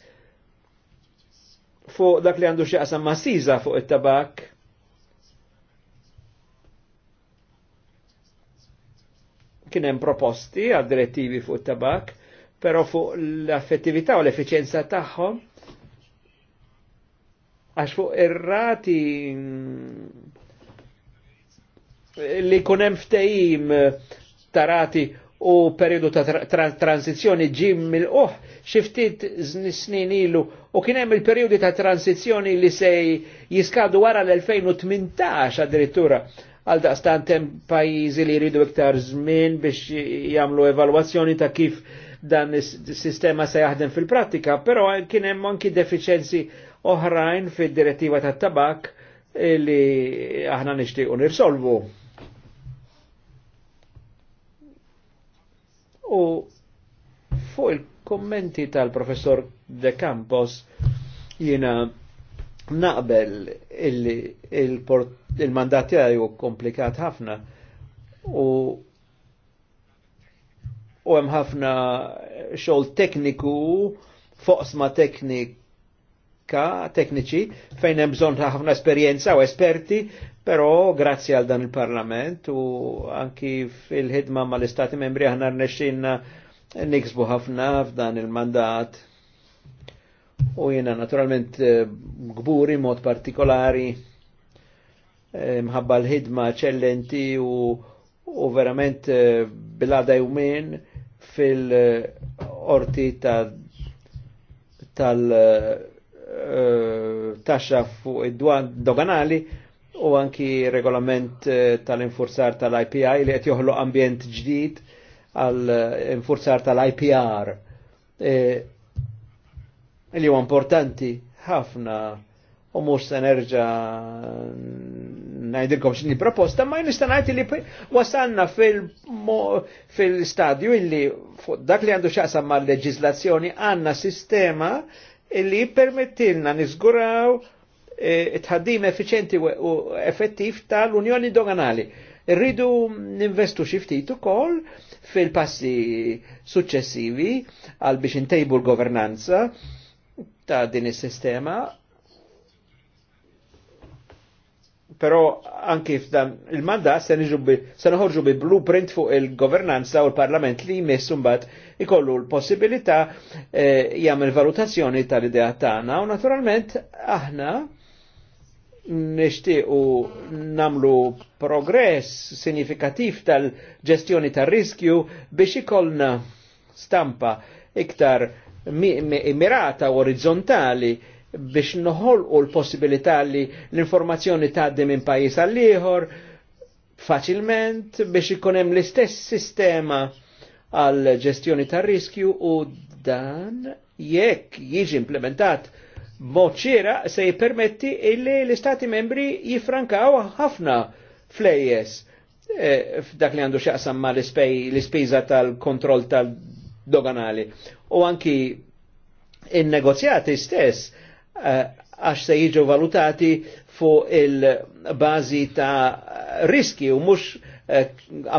Fuq dak li għandu xi qasam massiża fuq it-tabak, kien hemm proposti għad direttivi fuq it-tabak, però fuq l-affettività u l-effiċjenza tagħhom Għax fuq errati mm, li kunem ftejim eh, tarati u periodu ta' tra transizjoni ġim mill-uħ xiftit snin ilu u kienem il-periodi ta' transizjoni li se jiskadu wara l-2018 addirittura għal daqstantem pajizi li jridu iktar żmien biex jagħmlu evalwazzjoni ta' kif dan is-sistema se jaħdem fil-prattika, però kien hemm anki defiċenzi oħrajn fid-direttiva tat tabak li aħna nixtiequ nirsolvu. U fuq il-kommenti tal-professor De Campos jiena naqbel il-mandat il tiegħu komplikat ħafna u u hemm ħafna xogħol tekniku foqsma teknik teknika, tekniċi, fejn hemm bżonn ta' ħafna esperjenza u esperti, però grazzi għal dan il-Parlament u anki fil-ħidma mal-Istati membri aħna rnexxinna niksbu ħafna f'dan il-mandat. U jiena naturalment eh, gburi mod partikolari eh, mħabba l-ħidma ċellenti u, u verament eh, bil-għada jumin fil-orti tal-, tal Eh, taxxa fuq id-dwan doganali u anki regolament eh, tal-infurzar tal-IPI li qed joħloq ambjent ġdid għall eh, infurzar tal-IPR li huwa importanti ħafna u mhux se nerġa' ngħidilkom x'inhi proposta, ma nista' ngħid li wasalna fil-stadju illi fuq dak li għandu x'aqsam mal-leġiżlazzjoni għandna sistema illi jippermettilna nizguraw eh, tħaddim effiċenti u effettiv tal-Unjoni Doganali. Rridu ninvestu xi ftit ukoll fil-passi successivi għal biex intejbu l-governanza ta' din is-sistema Però anki f'dan il-mandat se noħorġu bi blueprint fuq il-governanza u l-parlament li jmessu mbagħad ikollu l-possibilità eh, jagħmel valutazzjoni tal-idea tagħna u naturalment aħna nixtiequ namlu progress sinifikattiv tal-ġestjoni tar riskju biex ikollna stampa iktar mirata orizzontali biex noħolqu l-possibilità li l-informazzjoni tgħaddi minn pajjiż għal ieħor faċilment biex ikun hemm l-istess sistema għal ġestjoni tar-riskju u dan jekk jiġi implementat b'mod ċira se jippermetti illi l-istati membri jifrankaw ħafna flejjes eh, f'dak li għandu xaqsam ma l-ispiża tal-kontroll tal-doganali. U anki in-negozjati stess Eh, għax se jiġu valutati fuq il-bazi ta' riski u mux eh,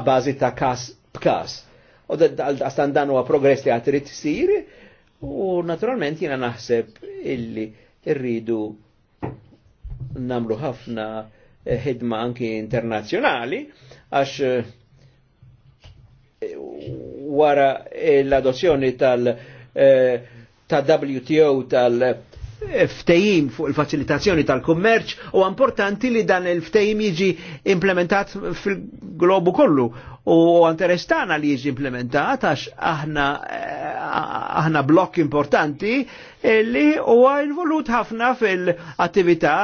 bazi ta' kas b'kas. U għastan dan u għaprogress li għatri tsir u naturalment jina naħseb illi irridu namlu ħafna eh, ħidma anki internazzjonali għax wara l-adozzjoni tal- ta' WTO tal- ftejim fuq il-facilitazzjoni tal-kummerċ u importanti li dan il-ftejim jiġi implementat fil-globu kollu u għanterestana li jiġi implementat għax aħna, eh, aħna importanti li huwa involut ħafna fil-attività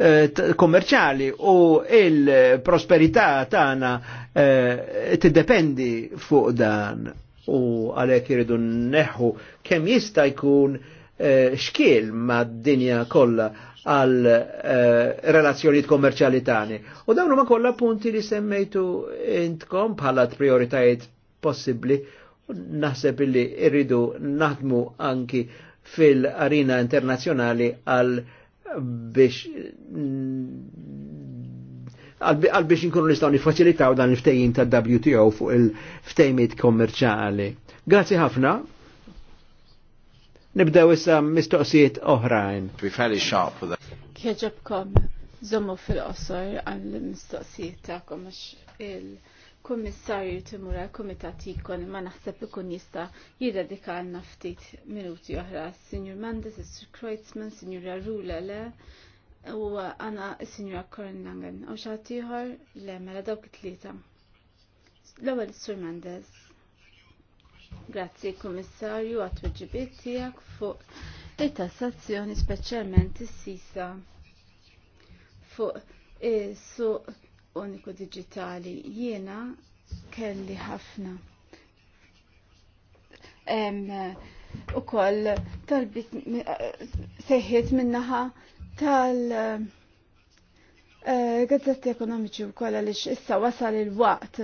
eh, kommerċali u il-prosperità tagħna eh, tiddependi fuq dan u għalhekk iridu neħu kemm jista' jkun Eh, xkiel ma' dinja kollha għal eh, relazzjonijiet kommerċjali tani. U dawn huma kollha punti li semmejtu intkom bħala prioritajiet possibbli naħseb illi irridu naħdmu anki fil-arena internazzjonali għal biex għal biex nkunu nistgħu nifaċilitaw dan il-ftejjin tad-WTO fuq il-ftejmiet kommerċjali. Grazzi ħafna. Nibdew issa mistoqsijiet oħrajn. To be fairly sharp with that. Kieġobkom, zommu fil-qosor għall-mistoqsijiet ta'kom għax il komissarju timura l-komitat jikon ma naħseb ikun jista jirradikalna ftit minuti oħra. Signor Mendes, Sir Kreutzmann, Signora Rula, le, u għana Signora Kornangen. U xaħtiħor, le, mela dawk it-tlieta. L-ewwel Sir Mendes. Grazzi Kummissarju għat-tweġibiet tiegħek fuq it-tassazzjoni speċjalment is-sisa fuq is-suq uniku digitali. jiena kelli ħafna. U koll talbit eh, seħħiet minnaħa tal- Eh, gazzetti ekonomiċi u kolla li issa wasal il-waqt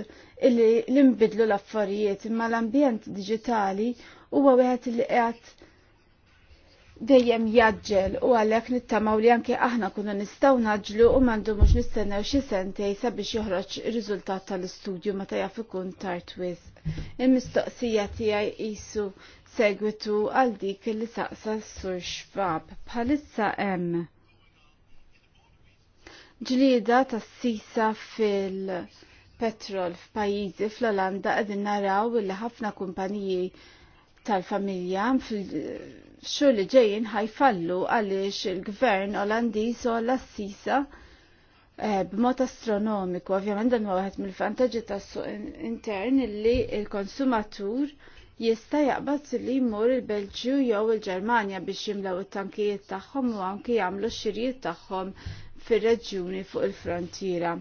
illi l-imbidlu l-affarijiet imma l-ambjent digitali huwa wieħed li għat dejjem jaġġel u għalhekk nittamaw li anke aħna kunu nistgħu naġlu u m'għandu mhux nistennew xi sentej sabiex joħroġ ir-riżultat tal-istudju meta jaf ikun tard wisq. Il-mistoqsija tiegħi jisu segwitu għal dik li saqsa s-sur xfab bħalissa hemm ġlieda tas-sisa fil-petrol f'pajjiżi fl-Olanda qegħdin naraw illi ħafna kumpaniji tal-familja fil li ġejjin ħajfallu għaliex il-gvern Olandiż u l-assisa eh, b'mod astronomiku, ovvjament dan huwa waħed mill-vantaġġi tas-suq intern li l-konsumatur jista' jaqbad li jmur il-Belġju jew il-Ġermanja biex jimlew it-tankijiet tagħhom u anke jagħmlu x-xirijiet tagħhom fir-reġjuni fuq il-frontiera.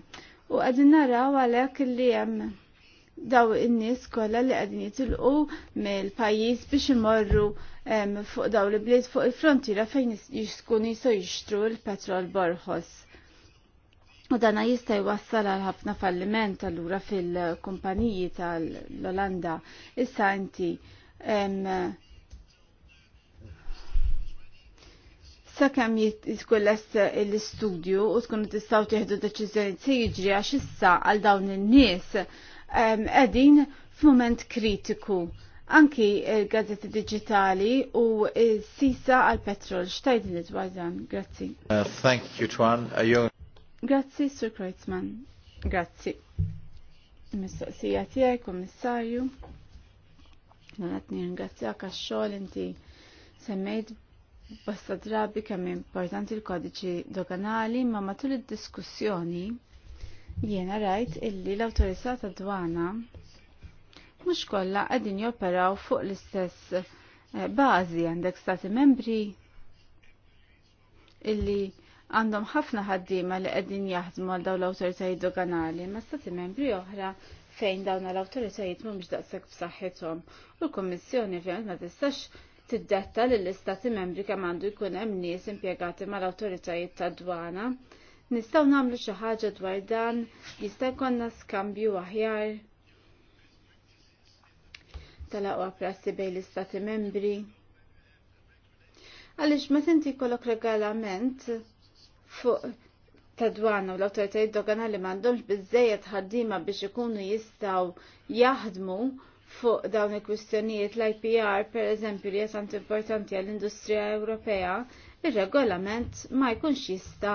U għadin naraw għalhekk li hemm daw in-nies kollha li qegħdin jitilqu mill-pajjiż biex imorru fuq daw li bliet fuq il-frontiera fejn jiskun jisu jixtru l-petrol borħos. U dana jista' jwassal għal ħafna falliment allura fil-kumpaniji tal-Olanda. Issa inti sakemm jitkun l-istudju u tkunu tistgħu tieħdu deċizjoni t jiġri għax issa għal dawn in-nies qegħdin f'mument kritiku. Anki il-gazzetti digitali u s-sisa għal petrol xtajdin dwar dan. Grazzi. Uh, thank you, Twan. Grazzi, Sir Kreutzmann. Grazzi. Mistoqsija tiegħi, kommissarju. Nagħtni ringrazzjak għax-xogħol inti semmejt Basta drabi kemm importanti l-kodiċi doganali ma matul id-diskussjoni jiena rajt illi l-autorità ta' dwana mhux kollha qegħdin joperaw fuq l-istess eh, bażi għandek stati membri illi għandhom ħafna ħaddiema li qegħdin jaħdmu għal dawn l-awtoritajiet doganali ma' stati membri oħra fejn dawn l-awtoritajiet mhumiex daqshekk b'saħħithom u l-Kummissjoni ovvjament ma tistax tiddetta li l istati membri kemm għandu jkun hemm nies impjegati mal-awtoritajiet tad-dwana. Nistgħu nagħmlu xi ħaġa dwar dan jista' jkollna skambju aħjar tal-aqwa prassi bejn l-istati membri. Għaliex ma tinti jkollok regalament fuq tad-dwana u l-awtoritajiet doganali m'għandhomx biżejjed ħaddiema biex ikunu jistgħu jaħdmu fuq dawn il-kwistjonijiet l-IPR per eżempju li jasant importanti għall-industrija Ewropea, il-regolament ma jkunx jista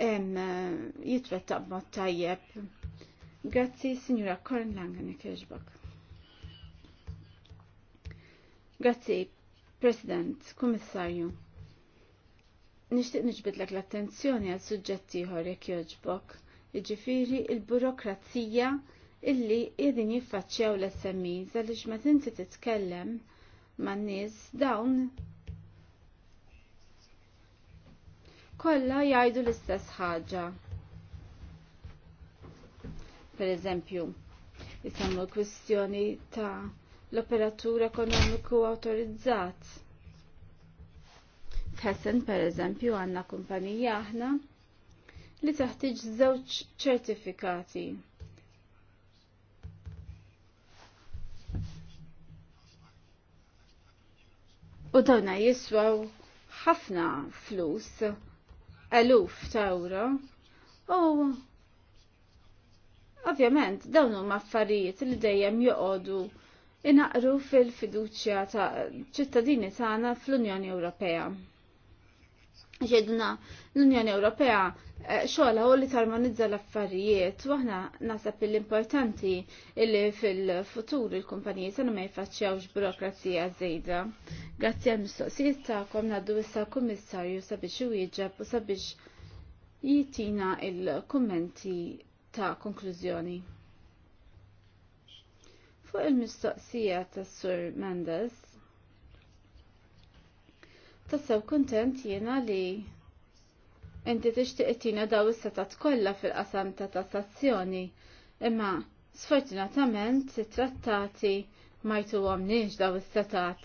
jitwettaq mod tajjeb. Grazzi, Signora Korn Langen, kieġbak. Grazzi, President, Kummissarju. Nishtiq nġbidlek l-attenzjoni għal suġġetti ħor jekk joġbok, iġifiri il-burokrazija il burokrazija illi jedin jiffaċċjaw l smi e. għaliex ma tinti titkellem man nies dawn kollha jgħidu l-istess ħaġa. Per eżempju, jisemmu kwistjoni ta' l-operatur ekonomiku autorizzat. F'Hessen, per eżempju, għandna kumpanija aħna li taħtiġ żewġ ċertifikati U dawna jiswaw ħafna flus, eluf ta' euro, u ovvjament dawn huma affarijiet li dejjem joqogħdu inaqru fil-fiduċja ta' ċittadini tagħna fl-Unjoni Ewropea ġedna l-Unjoni Ewropea eh, xogħla u li tarmonizza l-affarijiet u aħna nasab l-importanti illi fil-futur il-kumpaniji sanu ma jfaċċjawx burokrazija żejda. Grazzi għal mistoqsijiet tagħkom ngħaddu issa l-Kummissarju sabiex iwieġeb u sabiex jitina il-kummenti ta' konklużjoni. Fuq il-mistoqsija tas Sur Mendes, Tassew kuntent jiena li inti tixtieq tina daw is-setat kollha fil-qasam ta' tassazzjoni, imma sfortunatament it-trattati ma jtuhomniex daw is-setat.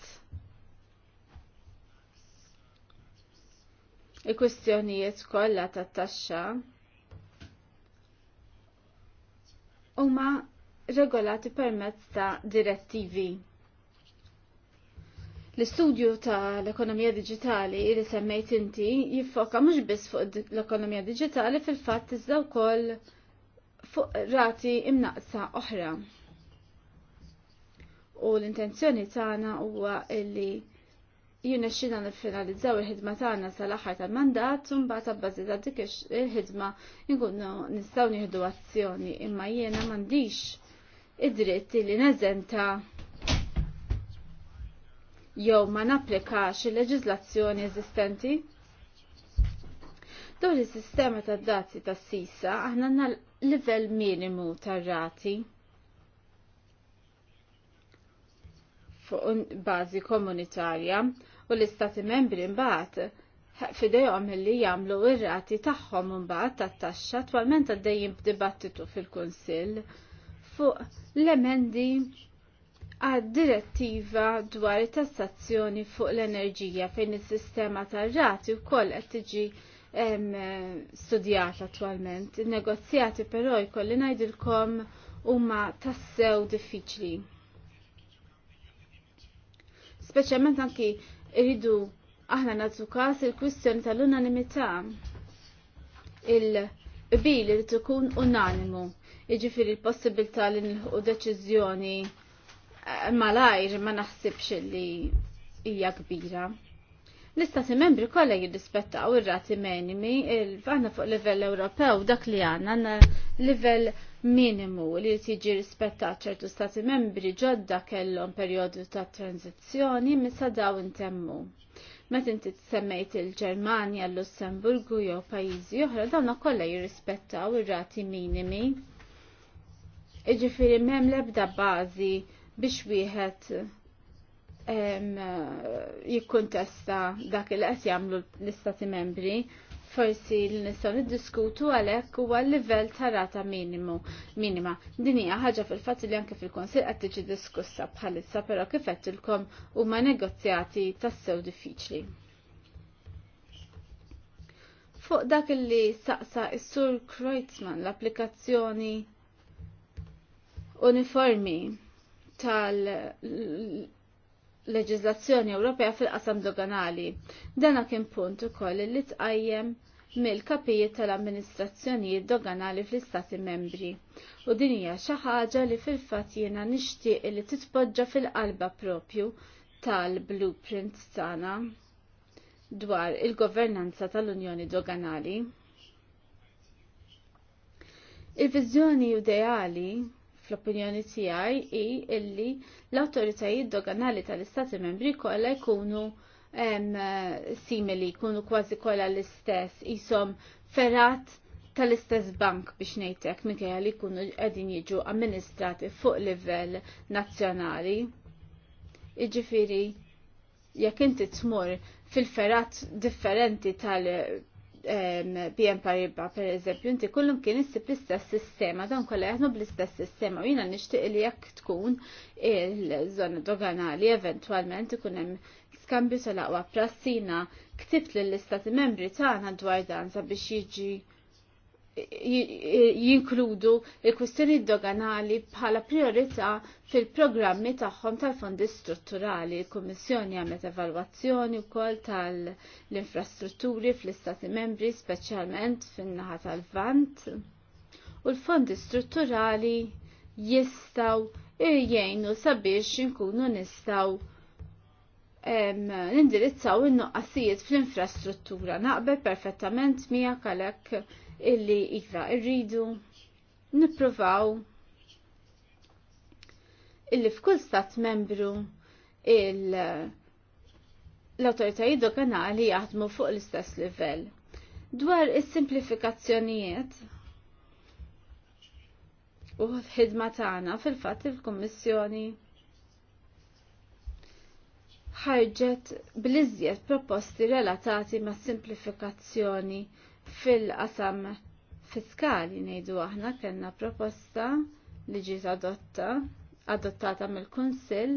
Il-kwistjonijiet kollha tat-taxxa huma regolati permezz ta' direttivi. L-istudju ta' l-ekonomija digitali li semmejt inti jiffoka mhux biss fuq l-ekonomija digitali fil-fatt iżda wkoll fuq rati imnaqsa oħra. U l-intenzjoni tagħna huwa li jinexxina nifinalizzaw il-ħidma tagħna sal-aħħar tal-mandat u mbagħad abbażi ta' dik il-ħidma nkunu nistgħu nieħdu azzjoni imma jiena m'għandix id-dritt li neżenta' jew ma napplikax il-leġizlazzjoni eżistenti? Dwar is-sistema tad-dati tas-sisa aħna għandna livell minimu tar-rati fuq bażi komunitarja u l-istati membri mbagħad fidejhom li jagħmlu r rati tagħhom imbagħad tat-taxxa twalment għaddejjin b'dibattitu fil-Kunsill fuq l-emendi għad-direttiva dwar it-tassazzjoni fuq l-enerġija fejn is-sistema tar-rati wkoll qed tiġi studjat attualment. Il-negozjati però jkolli ngħidilkom huma tassew diffiċli. Speċjalment anki irridu aħna nagħtu każ il-kwistjoni tal-unanimità. Il-bil li tkun unanimu, jiġifieri l-possibilità li nilħu deċiżjoni malajr ma naħsibx li hija kbira. L-istati membri kollha jirrispettaw ir-rati minimi aħna fuq livell Ewropew dak li għandna livell minimu li tiġi rispettat ċertu stati membri ġodda kellhom perjodu ta' tranzizzjoni misa daw intemmu. Meta inti semmejt il-Ġermanja, l-Lussemburgu jew pajjiżi oħra dawna kollha jirrispettaw ir-rati minimi. Iġifieri m'hemm l-ebda bażi biex wieħed jikkuntesta dak il qed jagħmlu l-istati membri, forsi li nistgħu niddiskutu għalhekk huwa l-livell ta' rata minimu minima. Din hija ħaġa fil-fatt li anke fil konsil qed tiġi diskussa bħalissa, però kif għettilkom huma negozjati tassew diffiċli. Fuq dak li saqsa is-Sur Kreutzmann l-applikazzjoni uniformi tal-leġizlazzjoni Ewropea fil-qasam doganali. Dana kien punt ukoll li tqajjem mill-kapijiet tal-amministrazzjonijiet doganali fl-istati membri. U din hija xi ħaġa li fil-fatt jiena nixtieq li titpoġġa fil-qalba propju tal-blueprint tagħna dwar il-governanza tal-Unjoni Doganali. Il-viżjoni ideali fl-opinjoni tiegħi hi illi l-awtoritajiet doganali tal-Istati Membri kollha jkunu simili, jkunu kważi kollha l-istess, isom ferrat tal-istess bank biex ngħidlek minkejja li jkunu qegħdin jiġu amministrati fuq livell nazzjonali. Jiġifieri jekk inti tmur fil-ferat differenti tal- BM Paribas, per eżempju, inti kullum kien issib l-istess sistema, dan kolla jgħadnu bl-istess sistema, u jiena nixtieq li jekk tkun il-żona doganali eventwalment ikun hemm skambju tal-aqwa prassina ktibt lill istati membri tagħna dwar dan sabiex jiġi jinkludu il-kwistjoni doganali bħala priorità fil-programmi tagħhom tal-fondi strutturali. Il-Kummissjoni għamet evalwazzjoni wkoll tal-infrastrutturi fl-Istati membri, speċjalment fin-naħa tal-Vant. U l-fondi strutturali jistaw jgħinu sabiex inkunu nistaw nindirizzaw in-nuqqasijiet fl-infrastruttura. Naqbel perfettament miegħek għalhekk illi ikra irridu nippruvaw illi f'kull stat membru il l-autoritajiet doganali jaħdmu fuq l-istess livell. Dwar is-simplifikazzjonijiet u l-ħidma tagħna fil-fatt il-Kummissjoni ħarġet bl-iżjed proposti relatati ma' simplifikazzjoni Fil-qasam fiskali ngħidu aħna kellna proposta li ġiet adotta adottata mill-Kunsill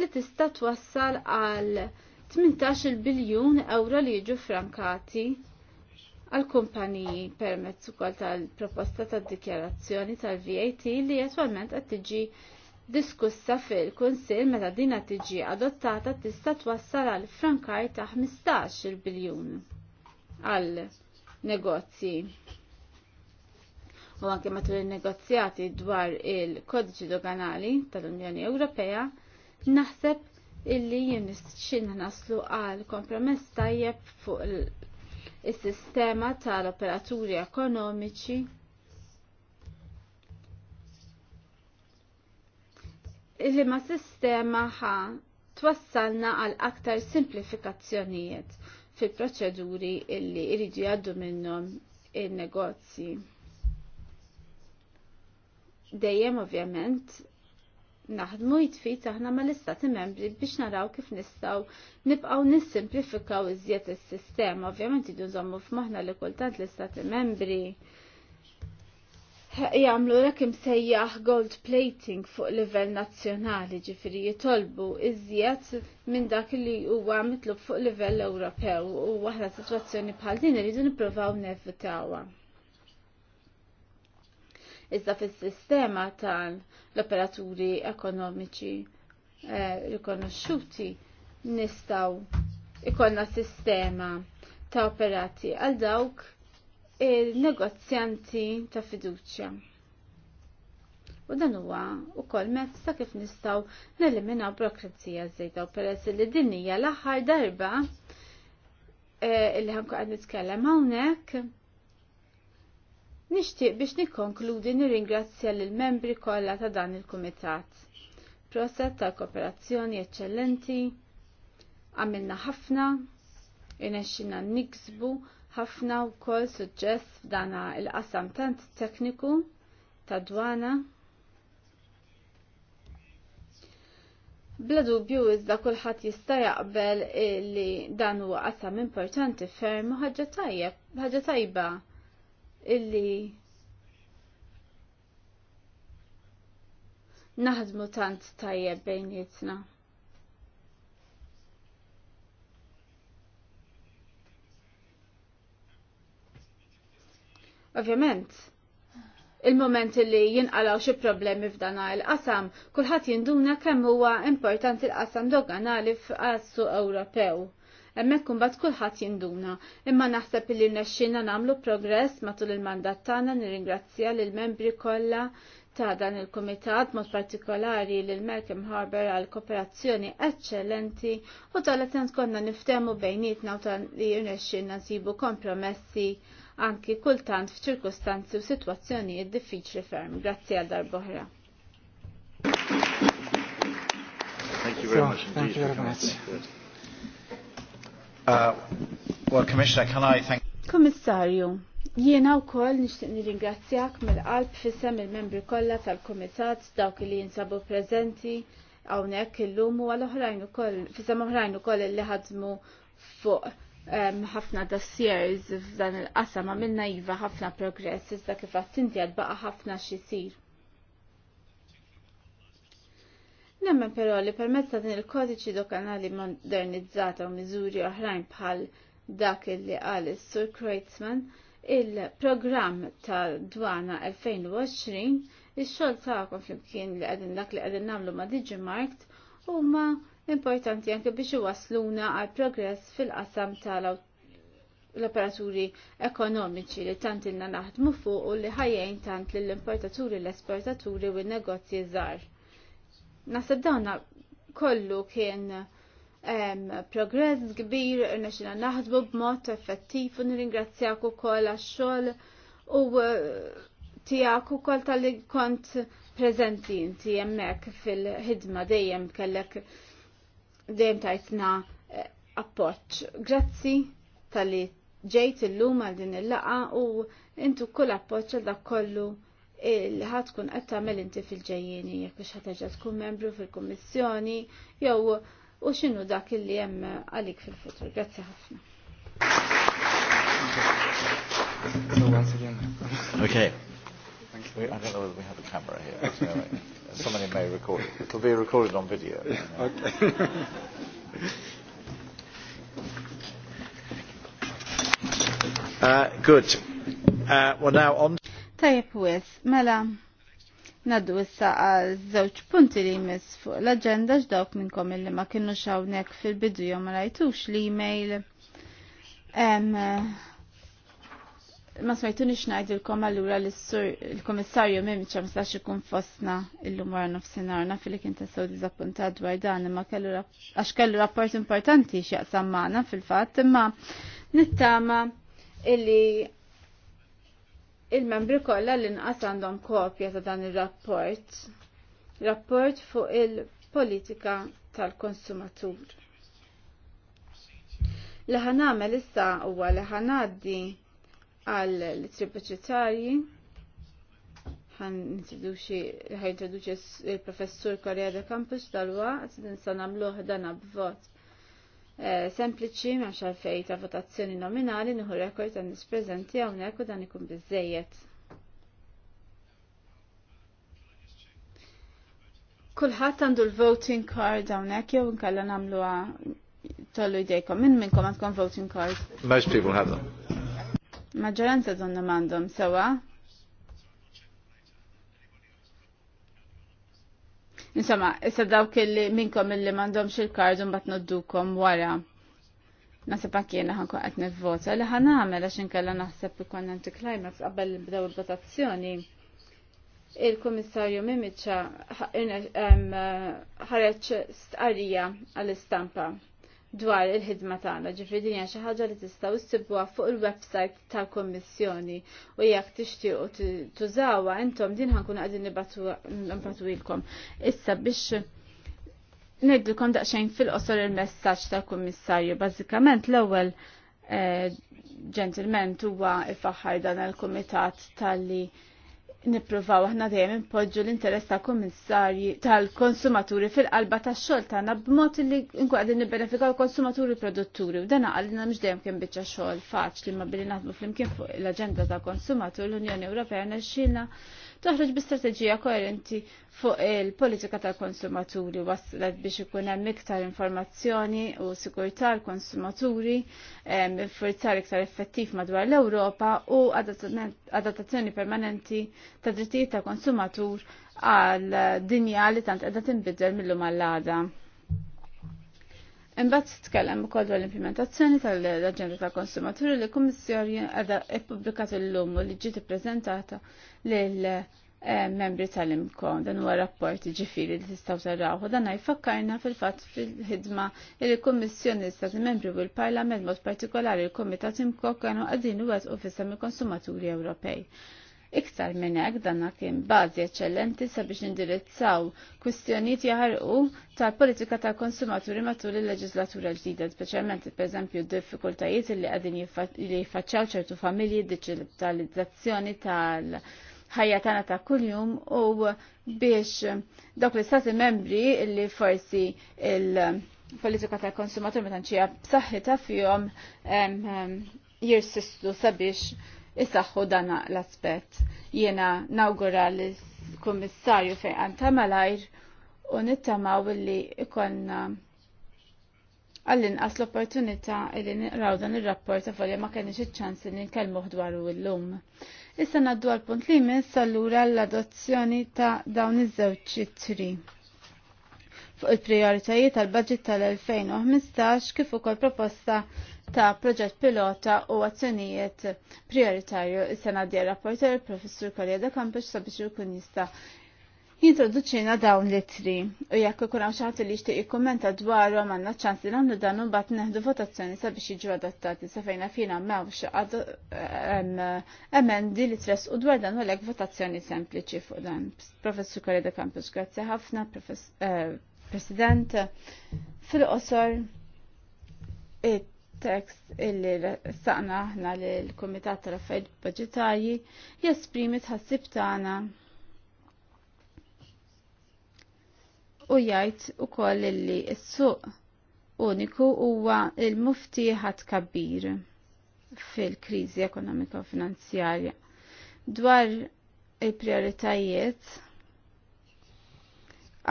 li tista' twassal għal 18 biljun euro li jiġu frankati għal kumpaniji permezz ukoll tal-proposta tad-dikjarazzjoni tal-VAT li attwalment qed tiġi diskussa fil-Kunsill meta din qed tiġi adottata tista' twassal għal frankaj ta' 15 biljun għal negozji. U anke matul il-negozjati dwar il-kodiċi doganali tal-Unjoni Ewropea, naħseb illi jinnisċin naslu għal kompromess tajjeb fuq il-sistema tal-operaturi ekonomiċi illi ma sistema ħa twassalna għal aktar simplifikazzjonijiet fil-proċeduri illi jridu jgħaddu minnhom in-negozji. Dejjem ovvjament naħdmu jitfit aħna ma l-istati membri biex naraw kif nistaw nibqaw nissimplifikaw iżjed is-sistema. Ovvjament idu nżommu f'moħħna li kultant l-istati membri jgħamlu l imsejjaħ gold plating fuq livell nazzjonali ġifiri jitolbu iżjed minn dak li huwa mitlu fuq livell Ewropew u waħda sitwazzjoni bħal din iridu nippruvaw nevitawha. Iżda fis-sistema tal-operaturi ekonomiċi eh, rikonoxxuti nistgħu ikollna sistema ta' operati għal dawk il-negozjanti ta' fiduċja. U dan huwa wkoll mezz ta' kif nistgħu neliminaw burokrazija żejda u peress li din hija l-aħħar darba eh, li ħanku nitkellem hawnhekk. Nixtieq biex nikkonkludi nirringrazzja lill membri kollha ta' dan il-kumitat. Proset ta' kooperazzjoni eċċellenti, għamilna ħafna, inexxina niksbu ħafna wkoll suġġess f'dana il-qasam tant tekniku ta' dwana. Bla dubju iżda kulħadd jista' jaqbel li dan huwa qasam importanti ferm ħaġa tajjeb, ħaġa tajba illi naħdmu tant tajjeb bejnietna. Ovvjament, il-moment li jinqalaw xi problemi f'dan il-qasam, kulħadd jinduna kemm huwa importanti l-qasam doganali f'qassu Ewropew. Hemmhekk kumbat kulħadd jinduna, imma naħseb li rnexxina nagħmlu progress matul il-mandat tagħna nirringrazzja lill membri kollha ta' dan il-Kumitat mod partikolari lil Malcolm Harbour għal kooperazzjoni eccellenti u tal-attent konna niftemu bejnietna u tal-li rnexxina nsibu kompromessi anki kultant f'ċirkustanzi u sitwazzjonijiet diffiċli ferm. Grazzi għal darbohra. Thank you very much indeed. Uh, well, Commissioner, can I thank... Komissarju, jiena u koll nishtiq nirringrazzjak mill-qalb fissem il-membri kollha tal kumitat dawk li jinsabu preżenti hawnhekk illum u għal oħrajn ukoll fissem oħrajn ukoll li ħadmu fuq ħafna dossiers f'dan il-qasam għamilna jiva ħafna progress iżda kif għattinti baqa' ħafna xisir. Nemmen però li permezz ta' din il-kodiċi dokanali modernizzata u miżuri oħrajn bħal dak li qal is-Sur Kreitzman, il-programm ta' dwana 2020 il xogħol tagħkom flimkien li qegħdin dak li qegħdin nagħmlu ma' Digimarkt huma ma' importanti anke biex iwasluna għal progress fil-qasam tal-operaturi ekonomiċi li tant inna naħdmu fuq u li ħajjejn tant lill importaturi l-esportaturi u n-negozji żgħar. Naħseb dawna kollu kien um, progress kbir, irnexina naħdmu b'mod effettiv u nirringrazzjak ukoll għax-xogħol u eh, tiegħek ukoll tal-li kont preżenti inti fil-ħidma dejjem kellek dejjem tajtna eh, appoġġ. Grazzi tal-li ġejt illum għal din il-laqa u intu kull appoċ għal dak kollu li ħad tkun qed tagħmel inti fil-ġejjieni jekk biex ħateġa tkun membru fil-kummissjoni jew u x'inhu dak li hemm għalik fil-futur. Grazzi ħafna. Okay. We, I don't know whether we have a camera here. So anyway, somebody may record it. It'll be recorded on video. You okay. uh, good. Uh, well, now on. Tajib wis, mela, naddu issa għal żewġ punti li jmiss fuq l-agenda x'dawk minnkom illi ma kienu xawnek fil-bidu jom ma rajtux l-email ma smajtuni xnajdilkom għallura l-komissarju mimċa mistax ikun fostna illum wara nofsinhar naf li kien tassew diżappuntat dwar dan imma kellu għax kellu rapport importanti xieq sammana fil-fatt imma nittama illi il-membri kollha li nqas għandhom kopja ta' dan ir-rapport. Rapport fuq il-politika tal-konsumatur. Li ħanamel issa huwa li ħanaddi għal l-tribuċitarji ħan introduċi ħaj introduċi il-professur Korea de Campus dal-waqt din sa namluħ dana b'vot eh, sempliċi ma xalfej ta' votazzjoni nominali nieħu rekord ta' nis preżenti hawnhekk u dan ikun bizzejiet Kulħadd għandu l-voting card hawnhekk jew namlu nagħmluha tollu jdejkom. Min minnkom għandkom voting card? Most people have them. Maġġoranza donna mandom sewa. Insomma, issa dawk li minkom illi mandom il kardu un bat noddukom wara. Nasib anki jena ħanku għat nivvota li ħan għamela għax inkella naħseb li konna anti-climax qabel li bdew il-votazzjoni. Il-Komissarju Mimiċa ħareċ stqarija għall-istampa dwar il-ħidma tagħna, ġifieri din hija xi ħaġa li tistgħu issibuha fuq il-website tal-Kommissjoni u jekk tixtiequ tużawha intom din ħankun qegħdin nibatwilkom. Issa biex ngħidilkom daqsxejn fil-qosor il-messaġġ tal-Kummissarju. Bażikament l-ewwel ġentilment eh, huwa ifaħħar dan il-kumitat tal-li nippruvaw aħna dejjem impoġġu l-interess ta' kummissarji tal-konsumaturi fil-qalba tax-xogħol tagħna b'mod li nkwadin nibbenefikaw il-konsumaturi produtturi u dan għalina mhux dejjem kien biċċa xogħol faċli ma billi naħdmu flimkien fuq l-aġenda tal-konsumatur l-Unjoni Ewropea nexxilna toħroġ bi strateġija koerenti fuq il-politika tal-konsumaturi waslet biex ikun hemm iktar informazzjoni u sigurtà l-konsumaturi, infurzar iktar effettiv madwar l-Ewropa u adattazzjoni permanenti ta' drittijiet tal-konsumatur għal dinja li tant qiegħda tinbidel mill-lum għall-għada. Imbagħad titkellem ukoll dwar l-implementazzjoni tal-Aġenda tal-Konsumaturi li kummissjoni għadha ppubblikat illum u li ġiet ippreżentata lil eh, membri tal imkom dan huwa rapporti ġifiri li tistgħu taraw dan jfakkarna fil-fatt fil-ħidma li l-Kummissjoni Stati Membri u l-Parlament mod partikolari l-Kumitat Imkom kienu qegħdin iwettqu fis mill konsumaturi Ewropej. Iktar minn hekk danna kien bażi eċċellenti sabiex indirizzaw kwistjonijiet jaħarqu tal-politika tal-konsumaturi matul il-leġislatura ġdida, speċjalment pereżempju d-diffikultajiet li qegħdin li jiffaċċaw ċertu familji d-diġitalizzazzjoni tal ħajja tagħna ta' kuljum u biex dawk l-istati membri li forsi il- politika tal konsumatur meta nċija b'saħħitha fihom jirsistu sabiex isaħħu dan l-aspett. Jiena nawgura l-Kummissarju fejn ta' malajr u nittamaw li ikonna għall-inqas l-opportunità li niraw dan ir-rapport ta' folja ma kenniex iċ-ċans li nkellmu dwaru illum. Issa naddu għal-punt li jmiss allura l-adozzjoni ta' dawn iż-żewġ tri fuq il-prioritajiet tal-budget tal-2015 kif ukoll proposta ta' proġett pilota u azzjonijiet prioritarju is-sena di rapporter il-professur Kolja da Kampex sabiex ikun jista' jintroduċina dawn li tri u jekk ikun hawn xi li jixtieq jikkummenta dwarhom għandna ċans li nagħmlu dan u mbagħad neħdu votazzjoni sabiex jiġu adattati sa fejna fina m'hawnx emendi li tres u dwar dan u votazzjoni sempliċi fuq dan. Professur Kolja da Kampex, grazzi ħafna, professur eh, President. Fil-qosor, il-tekst illi saqna aħna l-Komitat tal-Affarijiet Budġetarji jesprimi tħassib tagħna u jgħid ukoll illi s-suq uniku huwa il-muftiħa tkabbir fil-kriżi ekonomika u finanzjarja. Dwar il-prioritajiet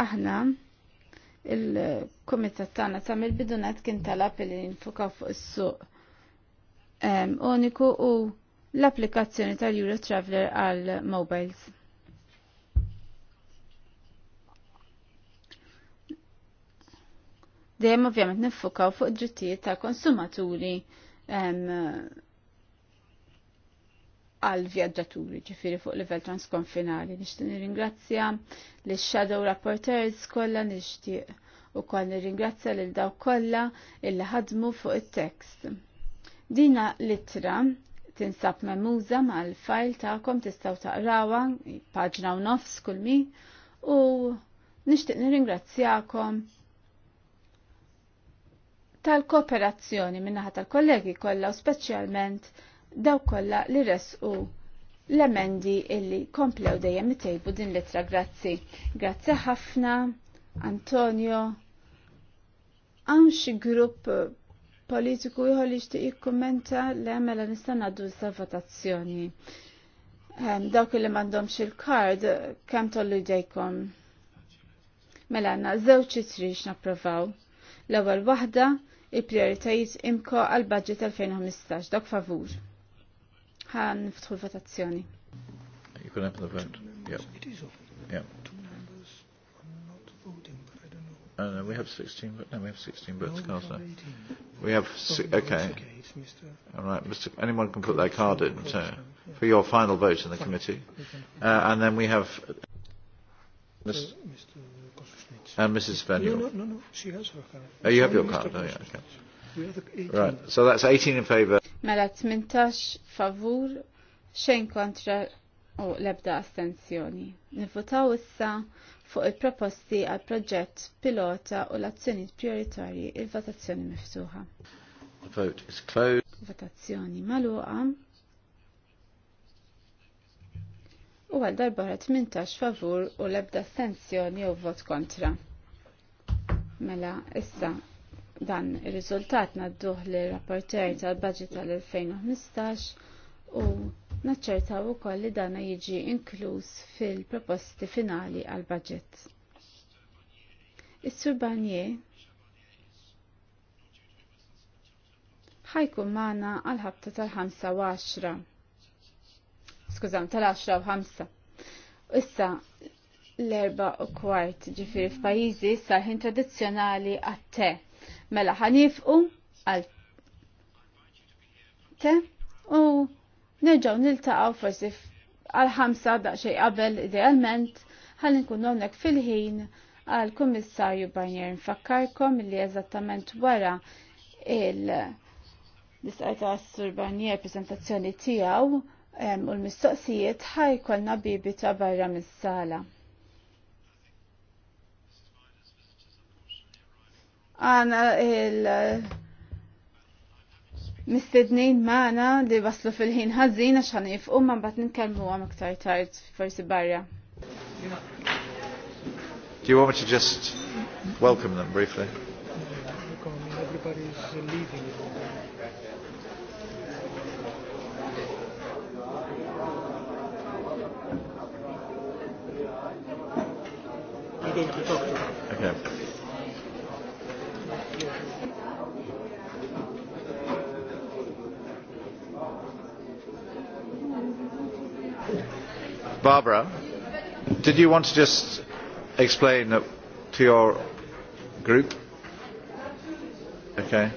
aħna il-komitat tagħna ta' mill bidunat kien talab li nfuka fuq is-suq uniku u l-applikazzjoni tal-Euro Traveler għal mobiles. Dejjem ovvjament niffukaw fuq id-drittijiet tal-konsumaturi għal vjaġġaturi ġifiri fuq livell transkonfinali. nir nirringrazzja l shadow rapporteurs kollha nixtieq nir nirringrazzja lil daw kollha illi ħadmu fuq it-tekst. Dina litra tinsab ma' mal-fajl tagħkom tistgħu taqrawha paġna u nofs kull mi u nixtieq nirringrazzjakom tal-kooperazzjoni minnaħa tal-kollegi kollha u speċjalment daw kollha li resqu l-emendi illi komplew dejjem itejbu din litra grazzi. Grazzi ħafna, Antonio. għan xi grupp politiku jħol li jikkumenta jikkummenta li mela nista' s votazzjoni. Ehm, dawk li m'għandhomx il-kard kemm tollu jdejkom. Mela zewċ żewġ itrix napprovaw. L-ewwel waħda il prioritajiet imko għal budget 2015 dak favur ħan niftħu l-votazzjoni. You can open the vote. Yeah. Yeah. Two members are not voting, I don't know. Uh, we have 16, but no, we have 16 votes, no, can't we? have, si okay. okay Mr. All right, Mr. Anyone can put their card in so, for your final vote in the committee, uh, and then we have. Uh, Mr. And Mrs. Venue. No, no, no, no. She has her card. Oh, you have your card. Oh, yeah. Okay. Right, so that's 18 in favor. Mela 18 favur, xejn kontra u lebda astenzjoni. Nivvotaw issa fuq il-proposti għal proġett pilota u l-azzjoni prioritarji il-votazzjoni miftuħa. The vote is closed. Votazzjoni maluqa. u għal darba 18 favur u l-ebda astenzjoni u vot kontra. Mela, issa dan ir-riżultat nadduh li rapporter tal-budget tal-2015 u naċċertaw ukoll li dana jiġi inkluż fil-proposti finali għal budget Is-Sur Barnier ħajkun magħna għal ħabta tal-5 u 10. Skużam, tal-10 u 5. Issa l-erba u kwart ġifiri f'pajjiżi sarħin tradizzjonali għat-te mela ħanifqu għal te u nerġaw niltaqgħu forsi għal ħamsa daqsxejn qabel idealment ħalli nkun hawnhekk fil-ħin għal kummissarju Barnier nfakkarkom li eżattament wara il disqajta għas Barnier prezentazzjoni tiegħu u l-mistoqsijiet ħajkolna bibi ta' barra mis-sala. għana il- Mistednin maħna li waslu fil-ħin ħazzin għax ħan jifqu ma bat nitkellmu għam iktar tard forsi barja. Do you want me to just welcome them briefly? Everybody's leaving. Okay. Barbara, did you want to just explain to your group? Okay.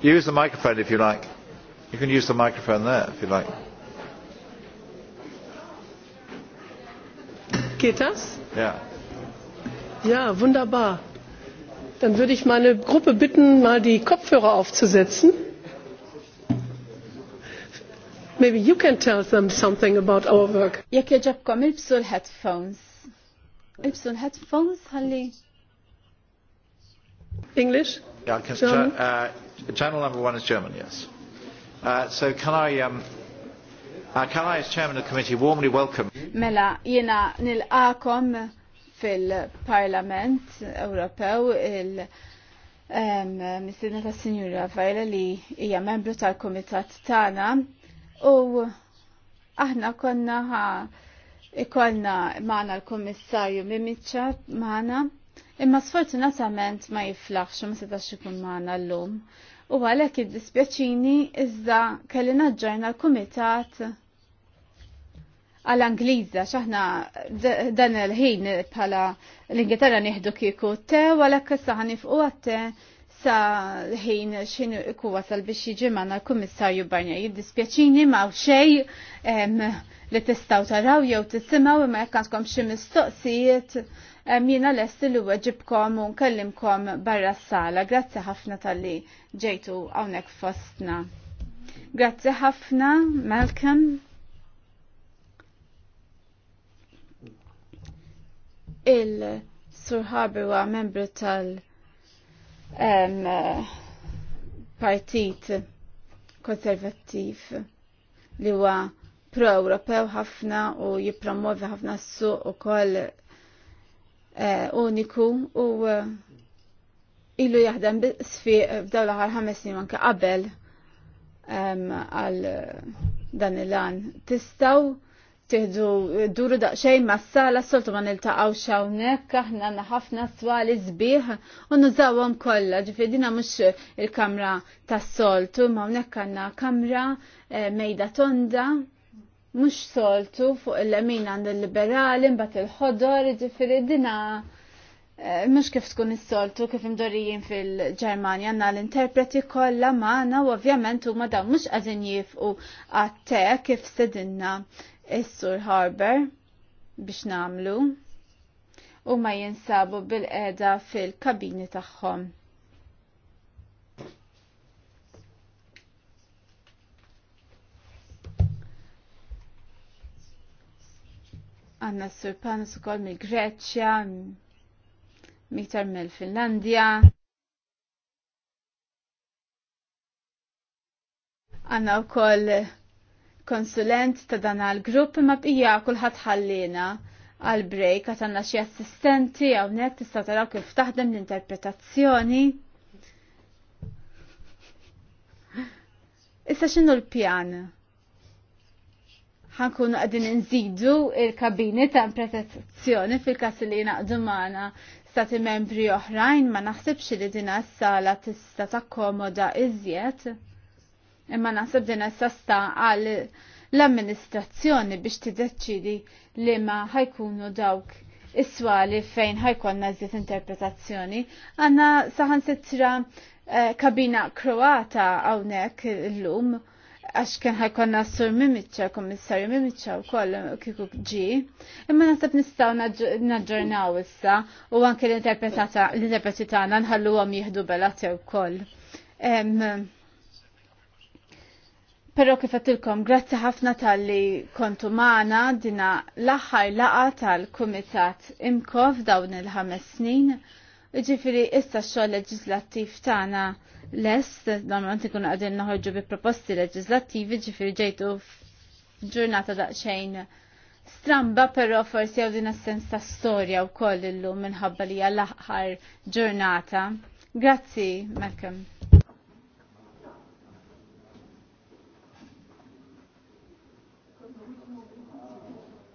Use the microphone if you like. You can use the microphone there if you like. Geht das? Ja. Ja, wunderbar. Dann würde ich meine Gruppe bitten, mal die Kopfhörer aufzusetzen. Maybe you can tell them something about our work. Jek jaġabkom ilbsu l-headphones. Ilbsu l-headphones ħalli. English? Yeah, because uh, channel number one is German, yes. Uh, so can I, um, uh, can I, as chairman of the committee, warmly welcome. Mela, jena nil-akom fil-Parlament Ewropew il- Um, Mistina ta' Sinjura Vajla li hija membru tal-Kumitat tana u aħna konna ha ikolna maħna l-kommissarju mimiċa maħna imma sfortunatament ma jiflaħx ma setax ikun maħna l-lum u għalek id-dispjaċini iżda kelli naġġorna l-komitat għal-Angliża xaħna dan il-ħin bħala l-Ingilterra nieħdu kieku te u għalek issa ħanifqu għatte sa ħin xinu ikku wasal biex jiġi manna l-Kummissarju Barnier. Jiddispjaċini ma' xej li testaw taraw jew tisimaw imma jekk għandkom xi mistoqsijiet jiena lesti li weġibkom u nkellimkom barra s-sala. Grazzi ħafna tal-li ġejtu hawnhekk fostna. Grazzi ħafna, Malcolm. Il-Sur Harbour membru tal- partit konservattiv li huwa pro-Ewropew ħafna u jippromovi ħafna s-suq u koll eh, uniku u eh, ilu jaħdem s-fi f'daw l-ħar ħames snin anke qabel għal eh, dan il lan Tistaw tiħdu eh, duru daqxejn ma s-sala s-soltu ma niltaqaw xawnek, aħna naħafna s-swali zbiħ, zawom kolla, ġifidina mux il-kamra tas soltu ma unnek għanna kamra eh, mejda tonda, mux soltu fuq il-lemin għand il-liberali, mbat il-ħodor, ġifiri eh, Mux kif tkun is-soltu kif imdorijin fil-Ġermanja għanna l-interpreti kollha magħna u ovvjament huma dawn mhux għazin jifqu għat-te kif sedinna is-Sur Harbor biex namlu u ma jinsabu bil-qeda fil-kabini tagħhom. Għanna s-Sur s ukoll mill-Greċja, miktar mill-Finlandja. Għanna u koll konsulent ta' dan għal-grupp ma bqija kulħadd ħallina għal-break għat għanna xie assistenti għaw nek tista' taraw kif taħdem l-interpretazzjoni. Issa x'inhu l-pjan? ħankunu għadin nżidu il-kabini ta' interpretazzjoni fil-kas li naqdu maħna stati membri oħrajn ma naħsibx li din la sala tista' takkomoda iżjed imma nasab din sta għal l-amministrazzjoni biex tiddeċidi li ma ħajkunu dawk is-swali fejn ħajkun żiet interpretazzjoni. Għanna saħan sitra eh, kabina kroata għawnek l-lum għax kien ħajkonna s-sur komissarju kommissarju u koll kiku ġi. Imma nasab nistaw naġġornaw issa u anke l-interpreti tagħna nħallu għom jihdu belati u koll. Pero kif għatilkom, grazzi ħafna tal-li kontu maħna dina l laqa tal-Kumitat Imkov dawn il-ħames snin. Ġifiri, issa xoll leġislattiv tana lest, normalment ikun għadin noħorġu bi proposti leġislattivi, ġifiri ġejtu ġurnata daqxejn stramba, pero forsi għaw din sens ta' storja u koll illum minħabba li għal aħħar ġurnata. Grazzi, Malcolm.